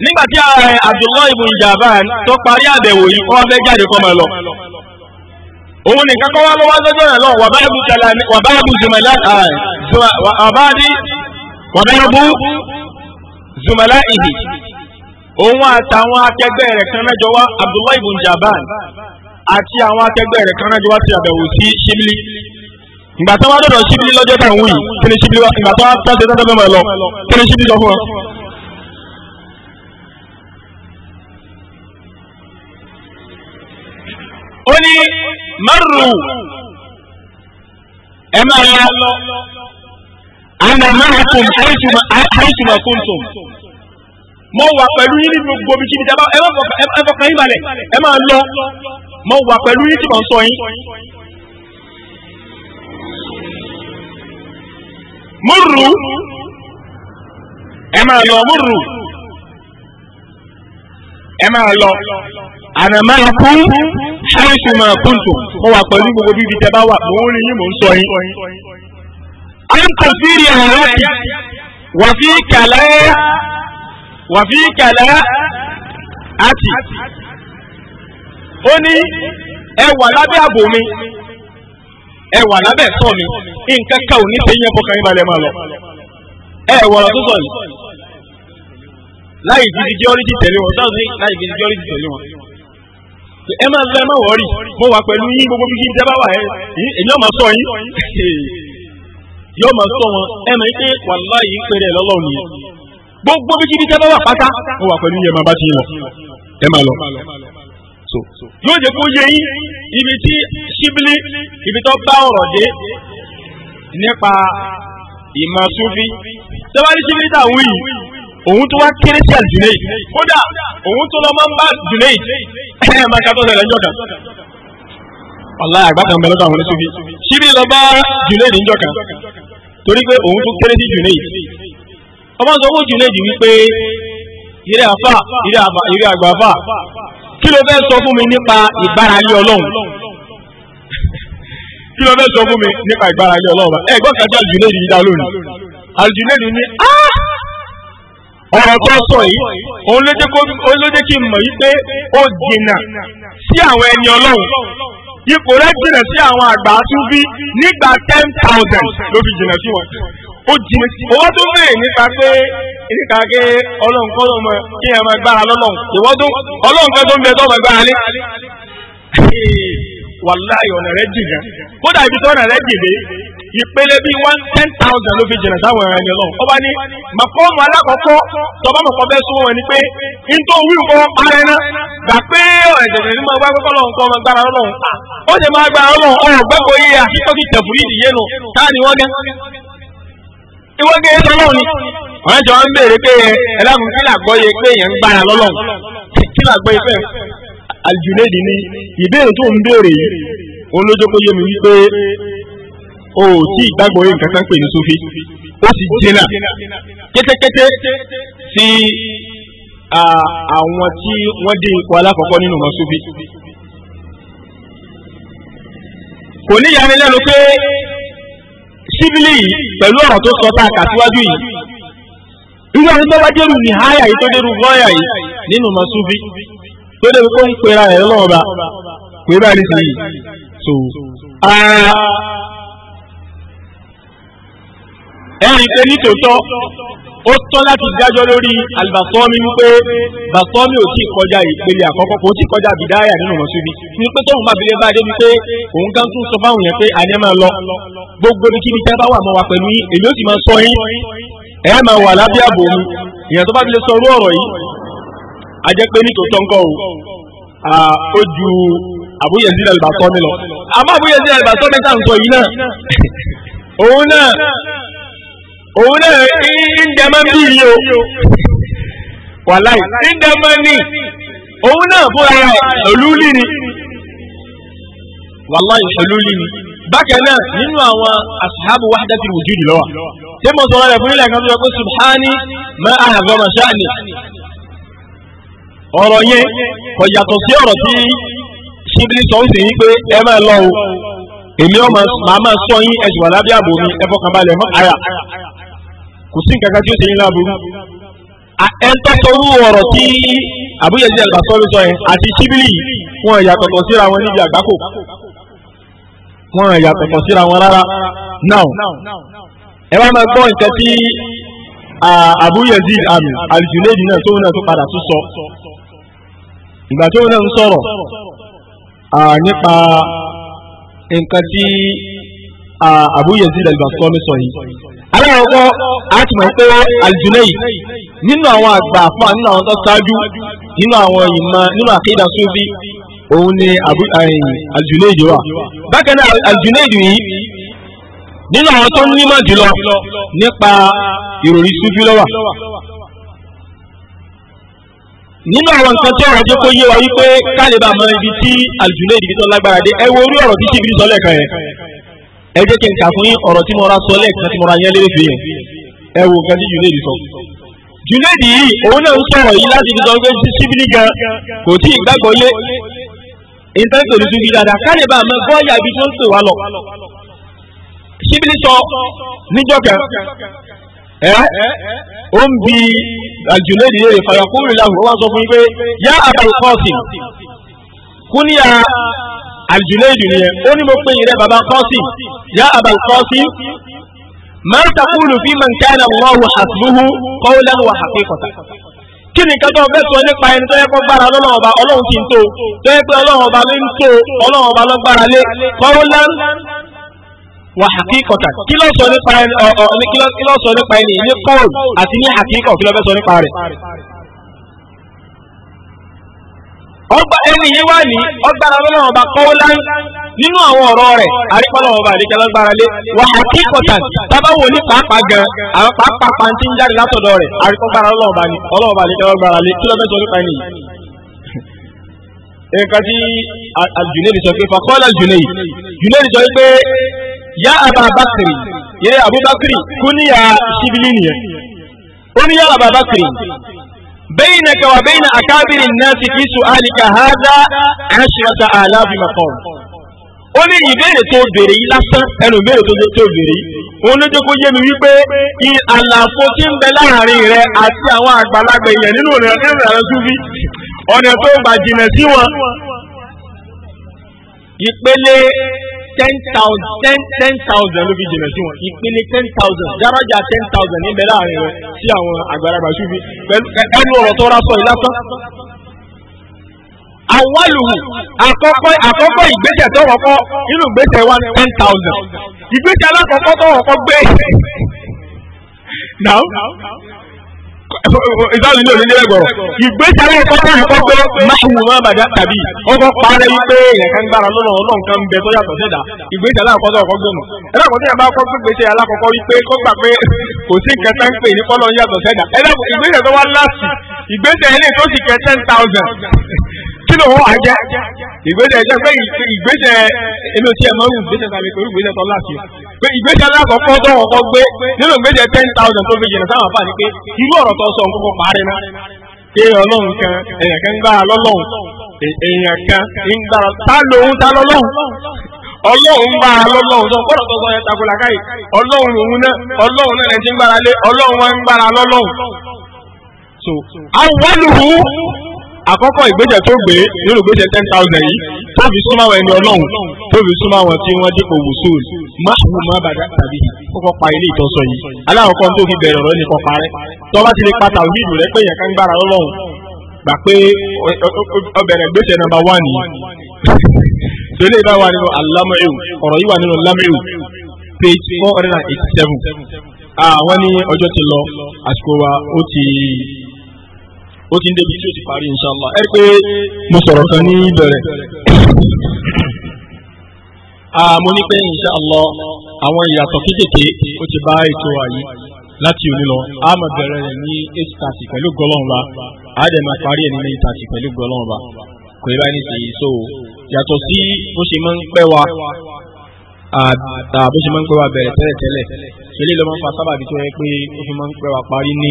nígbà tí eh, Abdullahi ibn Jaban tó parí àbẹ̀wò yìí wọ́n fẹ́ jáde kọ́ máa lọ òun nìkan kọ́ wá lọ́wọ́ sọ́jọ́ yẹn lọ wàbáyàbù zùmẹ̀lá ìhì òun àtàwọn akẹgbẹ́ rẹ̀ kan náà jọ wá Abdullahi ibn Jaban àti àwọn akẹgbẹ́ rẹ̀ kan náà jọ wá ti àbẹ̀wò sí Ṣibili ìgbà tí wọ́n dọ̀dọ̀ Ṣibili lọ́jọ́ tá à ń kí ni Ṣibili wá ìgbà tí wọ́n tẹsẹ tẹsẹ fẹmọ ẹ lọ kí ni Ṣibili sọ fún wọn. ó ní márùn ẹ máa lọ àmọ́ márùn kùn àìsùn àìsùn àkùntùn mo wà pẹ̀lú yín ní gbogbo ibi kíbi jábá ẹ bá fọkàn yín balẹ̀ ẹ máa lọ mo wà pẹ̀lú yín tí mo ń sọ yín. múrù ẹ máa lọ múrù ẹ máa lọ ànàmá kún ṣáìṣù máa kún tó mo wà pẹ̀lú gbogbo ibi jábá wà mo ń rí yín mo sọ yín. a ń kò sí ìrìn wà sí kàlẹ́. wàfí kẹlẹ́ àti ó ní ẹ wà lábẹ́ ààbò mi ẹ wà lábẹ́ ẹ̀tọ́ mi nǹkan ò ní ṣe yẹn fọkàn máa lọ ẹ wọ̀rọ̀ tó láì fi jíjẹ́ tẹ̀lé wọn sáà sí láì fi jíjẹ́ tẹ̀lé wọn ẹ máa mo wà pẹ̀lú yín gbogbo fífi jẹ́ bá wà ẹ èmi ọ̀ máa sọ yín yóò máa sọ wọn ẹ máa ń gbogbo bí kíbi tẹ́ bá wà pátá ó wà pẹ̀lú yẹn máa bá ti lọ ẹ máa lọ. yóò jẹ́ kó yẹ yín ibi tí ṣíbílì ibi tó bá ọ̀rọ̀ dé nípa ìmọ̀ súnfí tẹ́wárí ṣíbílì tà wí òun tó wá kéré sí àlùjùlẹ̀ yìí kódà òun tó lọ máa ń bá àlùjùlẹ̀ yìí máa ṣàtọ́ sẹ̀lẹ̀ ńjọ́ kan. ọ̀la àgbà kan bẹ̀rẹ̀ lọ́dọ̀ àwọn oníṣúfí ṣíbílì lọ bá jùlẹ̀ níjọ́ kan torí pé òun tó kéré sí jùlẹ̀ yìí ọmọ sọ fún Junaid wípé ìrẹ àfà ìrẹ àgbàfà kí ló fẹ́ sọ fún mi nípa ìgbáralé ọlọ́run (laughs) kí ló fẹ́ sọ fún mi nípa ìgbáralé ọlọ́run ẹ gbọ́n kájọ Junaid yìí dá lónìí Junaid ní ah! ọ̀rọ̀ tó sọ yìí òun ló jẹ́ kí n mọ̀ yí pé ó jìnnà sí àwọn ẹni ọlọ́run ipò rẹ̀ jìnnà sí àwọn àgbà àtúbí nígbà ten thousand ló fi jìnnà sí wọn ó jìnnà owó tó bèrè nípa pé nípa pé ọlọ́run kọ́ lọ́mọ kí ẹ máa gbára lọ́lọ́run ìwọ́n tó ọlọ́run kan tó ń bẹ tó máa gbára lé. (laughs) wàláhì ọ̀nà rẹ̀ jì kódà ibi tó ọ̀nà rẹ̀ jì dé ìpele bíi one ten thousand ló fi jìnnà sáwọn ẹ̀rọ ẹni ọlọ́run. ọba ní màkọ́ọ̀mù alákọ̀ọ́kọ́ tọ́ba mọ̀kọ́ bẹ́ẹ̀ sún wọn ni pé ntọ́ wíwú kọ́ ara ẹ̀ná gbà pé ẹ̀jẹ̀jẹ̀ ní máa gbá kọ́kọ́ lọ́run kọ́ máa gbára lọ́run. Ah, ó ṣe máa gbára lọ́run ọ̀rọ̀ gbẹ́kọ̀ọ́ yé àkíkọ́ ti tẹ̀fù ìwọ gé é sọlọ́run ni ọ̀rẹ́ jọ ń béèrè pé ẹlẹ́kùn kí làgbọ́yé pé èèyàn ń gbára lọ́lọ́run kí làgbọ́yé pé àjùlédì ni ìbéèrè tó ń béèrè yìí òun ló jókòó yé mi wípé o ò tí ì gbàgbọ́ yé nǹkan kan pè ní sufi ó sì jìnnà kétékété sí àwọn tí wọ́n dé ipò alákọ̀ọ́kọ́ nínú wọn sufi kò ní ìyanilẹ́nu pé síbílì yìí pẹ̀lú ọ̀rọ̀ tó sọ tá a kà síwájú yìí irú àwọn tó bá dérú ní háyà yìí tó dérú lọ́ọ̀yà yìí nínú ọmọ súfì tó débi kó ń pera ẹ̀ lọ́ọ̀ba kò é bá rí sí yìí ẹ̀rìn pé nítòótọ́ ó tọ́ láti dájọ́ lórí albasọ́mi wípé basọ́mi ò tí ì kọjá ìpele àkọ́kọ́ kò tí ì kọjá bìdáyà nínú mọ̀síbi ní pé tóun bá bilẹ̀ bá dé wípé òun kan tún sọ fáwọn yẹn pé àní ẹ máa lọ gbogbo ní kíni tẹ́ bá wà mọ́ wa pẹ̀lú yín èmi ó sì máa sọ yín ẹ máa wà lábẹ́ ààbò mi ìyẹn tó bá bilẹ̀ sọ orú ọ̀rọ̀ yìí a jẹ́ pé ní tòótọ́ ńkọ́ o ó ju àbúyẹ̀sí albasọ́mi lọ àmọ́ àbúyẹ̀sí albasọ́mi (laughs) òun náà ìjẹmọ́ bí yìí o wàláì ìjẹmọ́ ní òun náà fúnra rẹ̀ olúlì ni wàláì olúlì ni bákan náà nínú àwọn ashabu wahdatil wujudi ló wà tí mo sọ̀rọ̀ rẹ̀ fún ilẹ̀ kan tó yẹ kó subhani ma ahazama sha'ni ọ̀rọ̀ yẹn kò yàtọ̀ sí ọ̀rọ̀ tí ṣíbílì sọ ń sè yí pé ẹ máa lọ o èmi ọmọ màá máa sọ yín ẹ sì lábẹ́ ààbò mi ẹ fọkàn balẹ̀ mọ́ àyà kò sí nǹkan kan tí ó ti yín láburú ẹ̀ńtọ́sọ̀rú ọ̀rọ̀ tí àbúyẹ̀sí àgbàsọ́rí sọ yẹn àti ṣíbílì wọn ìyàtọ̀tọ̀ síra wọn níbi àgbákò wọn ìyàtọ̀tọ̀ síra wọn rárá now ẹ wá máa gbọ́ nǹkan tí àbúyẹ̀sí àmì àlùjùlẹ́ẹ̀dì náà tóun náà tó padà tó sọ ìgbà tóun náà ń sọ̀rọ̀ nípa nǹkan tí àbúyẹ̀sí àgbàsọ́rí yìí. ala a ti mọ̀ pé al nínú àwọn àgbà àfà nínú àwọn tó ṣáájú nínú àwọn ìmọ̀ nínú àkídà Sufi òun ni eh, Al-Junayd wà bákan náà al yìí nínú àwọn tó nímọ̀ jùlọ nípa ìròrí nínú àwọn nǹkan tí ọ̀rọ̀ jẹ́ ibi tí tó lágbára dé ẹ wo orí ọ̀rọ̀ tí ẹ jẹ́ kí n kà fún yín ọ̀rọ̀ tí mo ra sọ lẹ́ẹ̀kan tí mo ra yẹn lérè fi yẹn ẹ wo nǹkan tí Junaid sọ. Junaid yìí òun náà ń sọ̀rọ̀ yìí láti fi sọ pé síbílì gan kò tí ì gbàgbọ́ yé ìtẹ́sí òdúdú bí dáadáa káyé bá àmọ́ bọ́ọ̀yà ibi tó ń pè wá lọ. síbílì sọ níjọ́ kan ẹ ó ń bi Junaid léèrè fàyàkúrò làwọn wá sọ fún yín pé yá Abul aljunaidu nìyẹn ó ní mo pè yín rẹ baba kọ́sì yá abal kọ́sì máa ń takúlù fi man kana Allahu hasbuhu qawlan wa haqiqatan kí ni nǹkan tó fẹ́ sọ nípa ẹni tó yẹ kó gbára lọ́nà ọba ọlọ́run ti ń tó tó yẹ pé ọlọ́run ọba ló ń tó ọlọ́run ọba ló gbára lé qawlan wa haqiqatan kí ló sọ nípa ẹni ní kọ́ọ̀lù àti ní hakíkọ̀ kí ló fẹ́ sọ nípa rẹ̀ ọgbà ẹni yìí wà ní ọgbàrá ọlọ́run ọba kọ́wọ́lá nínú àwọn ọ̀rọ̀ rẹ̀ àríkọ́lọ́run ọba àríkẹ́ lọ́gbàrá lé wà á kí kọ̀tà tábà wò ní pàápàá gan àwọn pàápàá pàǹtí ń jáde látọ̀dọ̀ rẹ̀ àríkọ́gbàrá ọlọ́run ọba ní ọlọ́run ọba àríkẹ́ lọ́gbàrá lé kílómítà onípa ẹni yìí. nǹkan tí àjùnéèdì sọ pé fàkọ́lá jùnéèdì sọ pé yá àbàbàkiri yẹ àbúbàkiri kúníyà síbílì nìyẹn ó ní yá àbàbàkiri بينك وبين أكابر الناس في سؤالك هذا عشرة آلاف مقام ó ní ìbéèrè tó béèrè yìí lásán ẹnu ìbéèrè tó tó béèrè yìí òun ló jẹ́ kó yé mi wípé àlàfo tí ń bẹ láàrin rẹ àti àwọn àgbàlagbà èèyàn nínú rẹ ẹ̀rọ rẹ súnfí ọ̀nà tó gbà sí wọn. ìpele ten thousand ten ten thousand ló fi jìnà sí wọn ìpele ten thousand daraja ten thousand níbẹ̀ láàrin rẹ̀ sí àwọn àgbàlagbà ṣúfi pẹ̀lú ẹnu ọ̀rọ̀ tó rásọ yìí lásán. àwálùú àkọ́kọ́ àkọ́kọ́ ìgbésẹ̀ tó wọ́pọ̀ nínú ìgbésẹ̀ wa ten thousand ìgbésẹ̀ alákọ̀ọ́kọ́ tó wọ́pọ̀ gbé. now. now. now ìsáàlú ní onílé ẹgbọ̀rọ̀ ìgbésẹ̀ ayé kọ́kọ́ yìí kọ́kọ́ máṣùwò máa bàjá tàbí ọkọ̀ parẹ́ wípé ẹ̀ka ń gbára lọ́nà ọlọ́run kan bẹ tó yàtọ̀ sẹ́dá ìgbésẹ̀ alákọ̀ọ́sọ̀ ọkọ̀ gbọ̀nà ẹlẹ́kọ̀ọ́ tí yàrá kọ́ gbégbèsè alákọ̀ọ́kọ́ wípé kó gbà pé kò sí nǹkan tá ń pè ní kọ́lọ́ yàtọ̀ sẹ́dá ẹlẹ́kọ̀ọ́ ìgbésẹ̀ tó wá láti ìgbésẹ̀ ilé tó sì kẹ́ ten thousand kí ló wọ́n àjẹ́ ìgbésẹ̀ ẹ̀jẹ̀ pé ìgbésẹ̀ inú tí ẹ máa wù ìgbésẹ̀ tàbí pẹ̀lú ìgbésẹ̀ tó láti pé ìgbésẹ̀ alákọ̀ọ́kọ́ tó kọ́kọ́ gbé nínú ìgbésẹ̀ ten thousand tó fi jìnnà sáwọn àfáà ni pé irú ọ̀rọ̀ tó sọ nǹkan parí ná pé ọlọ́run kan èèyàn kan ń gbára lọ́lọ́run èèyàn kan ń gbára tá lòun tá lọ́lọ́run ọlọ́run bá a lọ́lọ́run sọ fọ́nà tọ́sọ yẹn takò làkàyè ọlọ́run òun náà ọlọ́run náà ẹ̀ ti ń gbára lé ọlọ́run wọn ń gbára lọ́lọ́run. so awaluhu àkọ́kọ́ ìgbésẹ̀ tó gbé nínú ìgbésẹ̀ ten thousand yìí tó fi súnmọ́ àwọn ẹni ọlọ́run tó fi súnmọ́ àwọn tí wọ́n dípò wùsùn máàmù má bàdá tàbí kọ́kọ́ pa ilé ìtọ́sọ yìí aláwọ̀kọ́ tó fi bẹ̀rẹ̀ ọ̀rọ̀ nípa parẹ́ tọ́ba ti lè pa tàwíìlù rẹ pé yẹn kan gbára ọlọ́run gbà pé ọbẹ̀rẹ̀ ìgbésẹ̀ nọ́mbà wán yìí tẹ́lẹ̀ bá wà nínú alámọ̀ẹ́wù ọ̀rọ̀ yìí wà nínú lámẹ́wù page four hundred and eighty seven àwọn ah, ní ọjọ́ ti lọ àsìkò wa ó ti o ti ń débi ti parí inshallah ẹ mo sọ̀rọ̀ kan ní awọn mo kekeke pé ti ba ètò wa yìí láti lọ a máa bẹ̀rẹ̀ rẹ̀ ní eight thirty pẹ̀lú gọlọ́ọ̀ba a de ma pari ẹ̀ ní eight thirty kò yẹ so yàtọ̀ sí bó ṣe máa ń pẹ́ wa bó ṣe máa ń pẹ́ wa bẹ̀rẹ̀ tẹ́lẹ̀tẹ́lẹ̀ ilé lọ́mọ fa sábàbí tó yẹ pé ó fi máa ń pẹ́ wá parí ní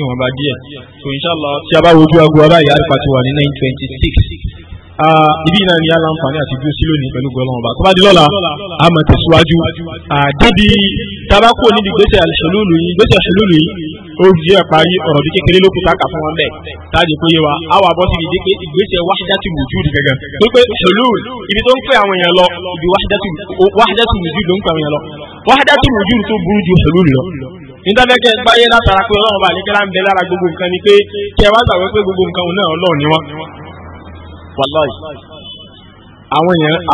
ìwọ̀nba díẹ̀ so inshallah tí a bá wojú agbó abáyé àrípa ti wà ní nine Ah, ibi iná ni aláǹfààní àti bí ó sí lónìí pẹ̀lú gbọ́dọ̀ ọba tó bá di lọ́la a máa tẹ̀síwájú débi tabako níbi gbèsè àṣelúlù yìí gbèsè àṣelúlù yìí ó jẹ́ àparí ọ̀rọ̀ bí kékeré lókun tá a kà fún wọn bẹ́ẹ̀ táàdì pé wa a wà bọ́ síbi ìdíkẹ́ ìgbésẹ̀ wáṣídátì wùjúdì gẹ́gẹ́ tó pé ṣòlúù ibi tó ń pè àwọn èèyàn lọ ibi wáṣídátì wùjúdì ló ń pè àwọn èèyàn lọ wáṣídátì wùjúdì tó burú ju ṣòlúù lọ nígbàgbẹ́kẹ́ báyé látara pé ọlọ́run bá àlékẹ́lá ń bẹ lára gbogbo nǹkan ni pé kí ẹ wá gbàgbé pé gbogbo nǹkan òun náà ọlọ́run ni wọ́n wàláì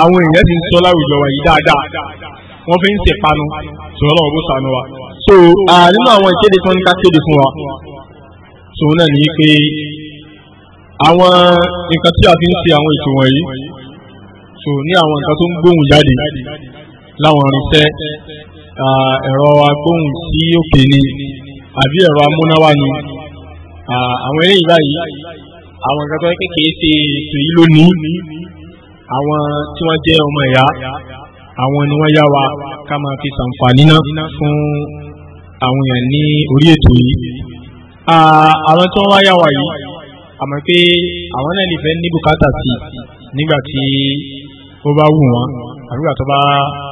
àwọn èèyàn ti ń sọ láwùjọ wa yìí dáadáa wọ́n fi ń ṣèpanu sọ̀rọ̀ ọ̀bù sànù wa. so nínú àwọn ìkéde tó ń ká kéde fún wa so náà ní pé àwọn nǹkan tí a fi ń ṣe àwọn ètò wọ̀nyí so ní àwọn nǹkan tó ń gbóhùn jáde láwọn irinṣẹ́ ẹ̀rọ agbóhùn sí òkè ni àbí ẹ̀rọ amúnáwá ni àwọn eléyìí báyìí àwọn nǹkan tó yẹ kéèké ṣe ètò yìí lónìí àwọn tí wọ́n jẹ́ ọmọ ìyá àwọn ni wọ́n yá wa ká máa fi ṣàǹfààní náà fún àwọn èèyàn ní orí ètò yìí. àwọn tí wọ́n wá yá wa yìí àmọ́ pé àwọn náà lè fẹ́ ní bùkátà sí nígbà tí ó bá wù wọ́n àbígbà tó bá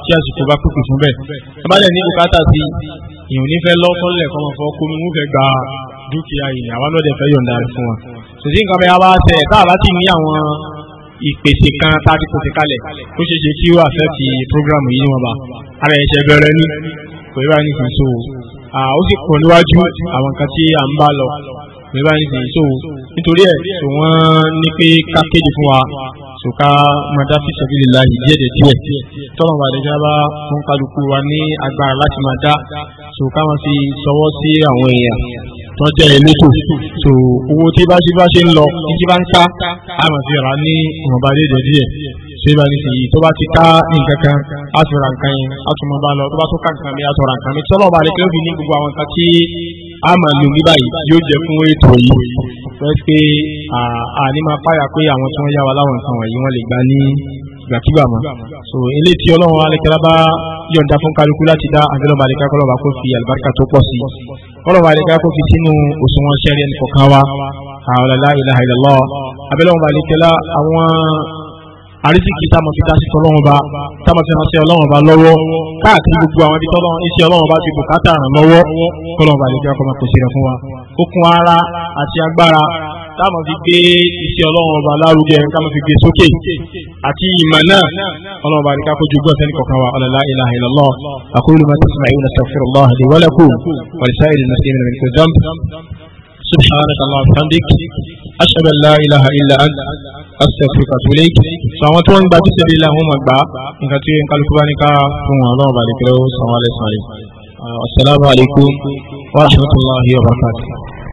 tí àsìkò bá pèpè fún bẹ́ẹ̀. ẹ bá dẹ̀ ní bùkátà sí ìhùn nífẹ̀ẹ́ lọ́kọ́lẹ̀ kọ́mọ̀fọ́ kó mú fẹ́ gba dúkìá yìí àwọn náà fẹ́ yọ̀ǹda rẹ̀ fún wa kò sí nǹkan bẹ́ẹ̀ bá tẹ̀ tá a bá ti ní àwọn ìpèsè kan tá a ti pèsè kalẹ̀ ó ṣeé ṣe kí ó affect program yìí níwọ̀nba ara ẹ̀ṣẹ̀ bẹ̀rẹ̀ ní kò yẹ báyìí nìkan so ó sì pọ̀ níwájú àwọn nǹkan tí à ń bá lọ kò yẹ báyìí nìkan so nítorí ẹ̀ so wọ́n ní pé ká kéde fún wa so ká máa dá fíṣẹ́ bí lílá díẹ̀ tọ́lọ̀ bá dẹ́jà bá fún kálukú wa ní agbára láti máa dá so ká fi sọwọ́ sí àwọn èèyàn tó jẹ́ elétò tó owó tí bá ṣe bá ṣe ń lọ títí bá ń ká a máa fi rà ní ìwọ̀nba déédéé díẹ̀ ṣé bá ní sèyí tó bá ti ká nǹkan kan a tún ra nǹkan yẹn a tún máa bá lọ tó bá tún ká nǹkan mi a tún ra nǹkan mi tí ọlọ́ọ̀bá rẹ̀ kí ó fi ní gbogbo àwọn nǹkan tí a máa lò ní báyìí yóò jẹ́ fún ètò yìí fẹ́ pé àní máa páyà pé àwọn tí wọ́n yá wa láwọn nǹkan wọ̀nyí wọ́n lè gbà ní ìgbàkígbà mọ́ so eléyìí tí ọlọ́run alẹ́kẹ́lá bá yọ̀ǹda fún kálukú láti dá àbẹ́lọ́ba alẹ́kẹ́lá kó fi àlùbáríkà tó pọ̀ sí i kọ́lọ̀bà àlẹ́kẹ́ kó fi sínú òṣùwọ̀n ṣẹ́rí ẹni kọ̀ọ̀kan wa àwọ̀lá ilaha illallah abẹ́lẹ́ wọn àlẹ́kẹ́lá àwọn àrísìkì tá a mọ̀ fi dá sí tọ́lọ́wọ́n ba tá a mọ̀ fi ránṣẹ́ ọlọ́wọ́n ba lọ́wọ́ káàkiri gbogbo àwọn ibi tọ́lọ́wọ́n iṣẹ́ ọlọ́wọ́n ba ti bùkátà ràn lọ́wọ́ kọ́lọ́wọ́n ba àlẹ́kẹ́ kọ́ máa pèsè rẹ̀ fún wa ó ara àti agbára táwọn fi gbé iṣẹ́ ọlọ́run ọba lárugẹ káwọn fi gbé sókè àti ìmọ̀ náà ọlọ́run ọba ní kákojú gbọ́ sẹ́ni kọ̀ọ̀kan wa ọ̀làlá ilaha illallah aqulu ma tasma'una astaghfirullah li wa lakum wa lisa'iril muslimina min kulli dhanb subhanaka allahumma wa bihamdik ashhadu an la ilaha illa anta astaghfiruka wa atubu ilayk tó ń gba tó ṣẹbi ilé àwọn ọmọ gbà nǹkan tí kálukú bá ní fún wọn ọlọ́run ọba ní kí ló sọ wọn wa rahmatullahi wa barakatuh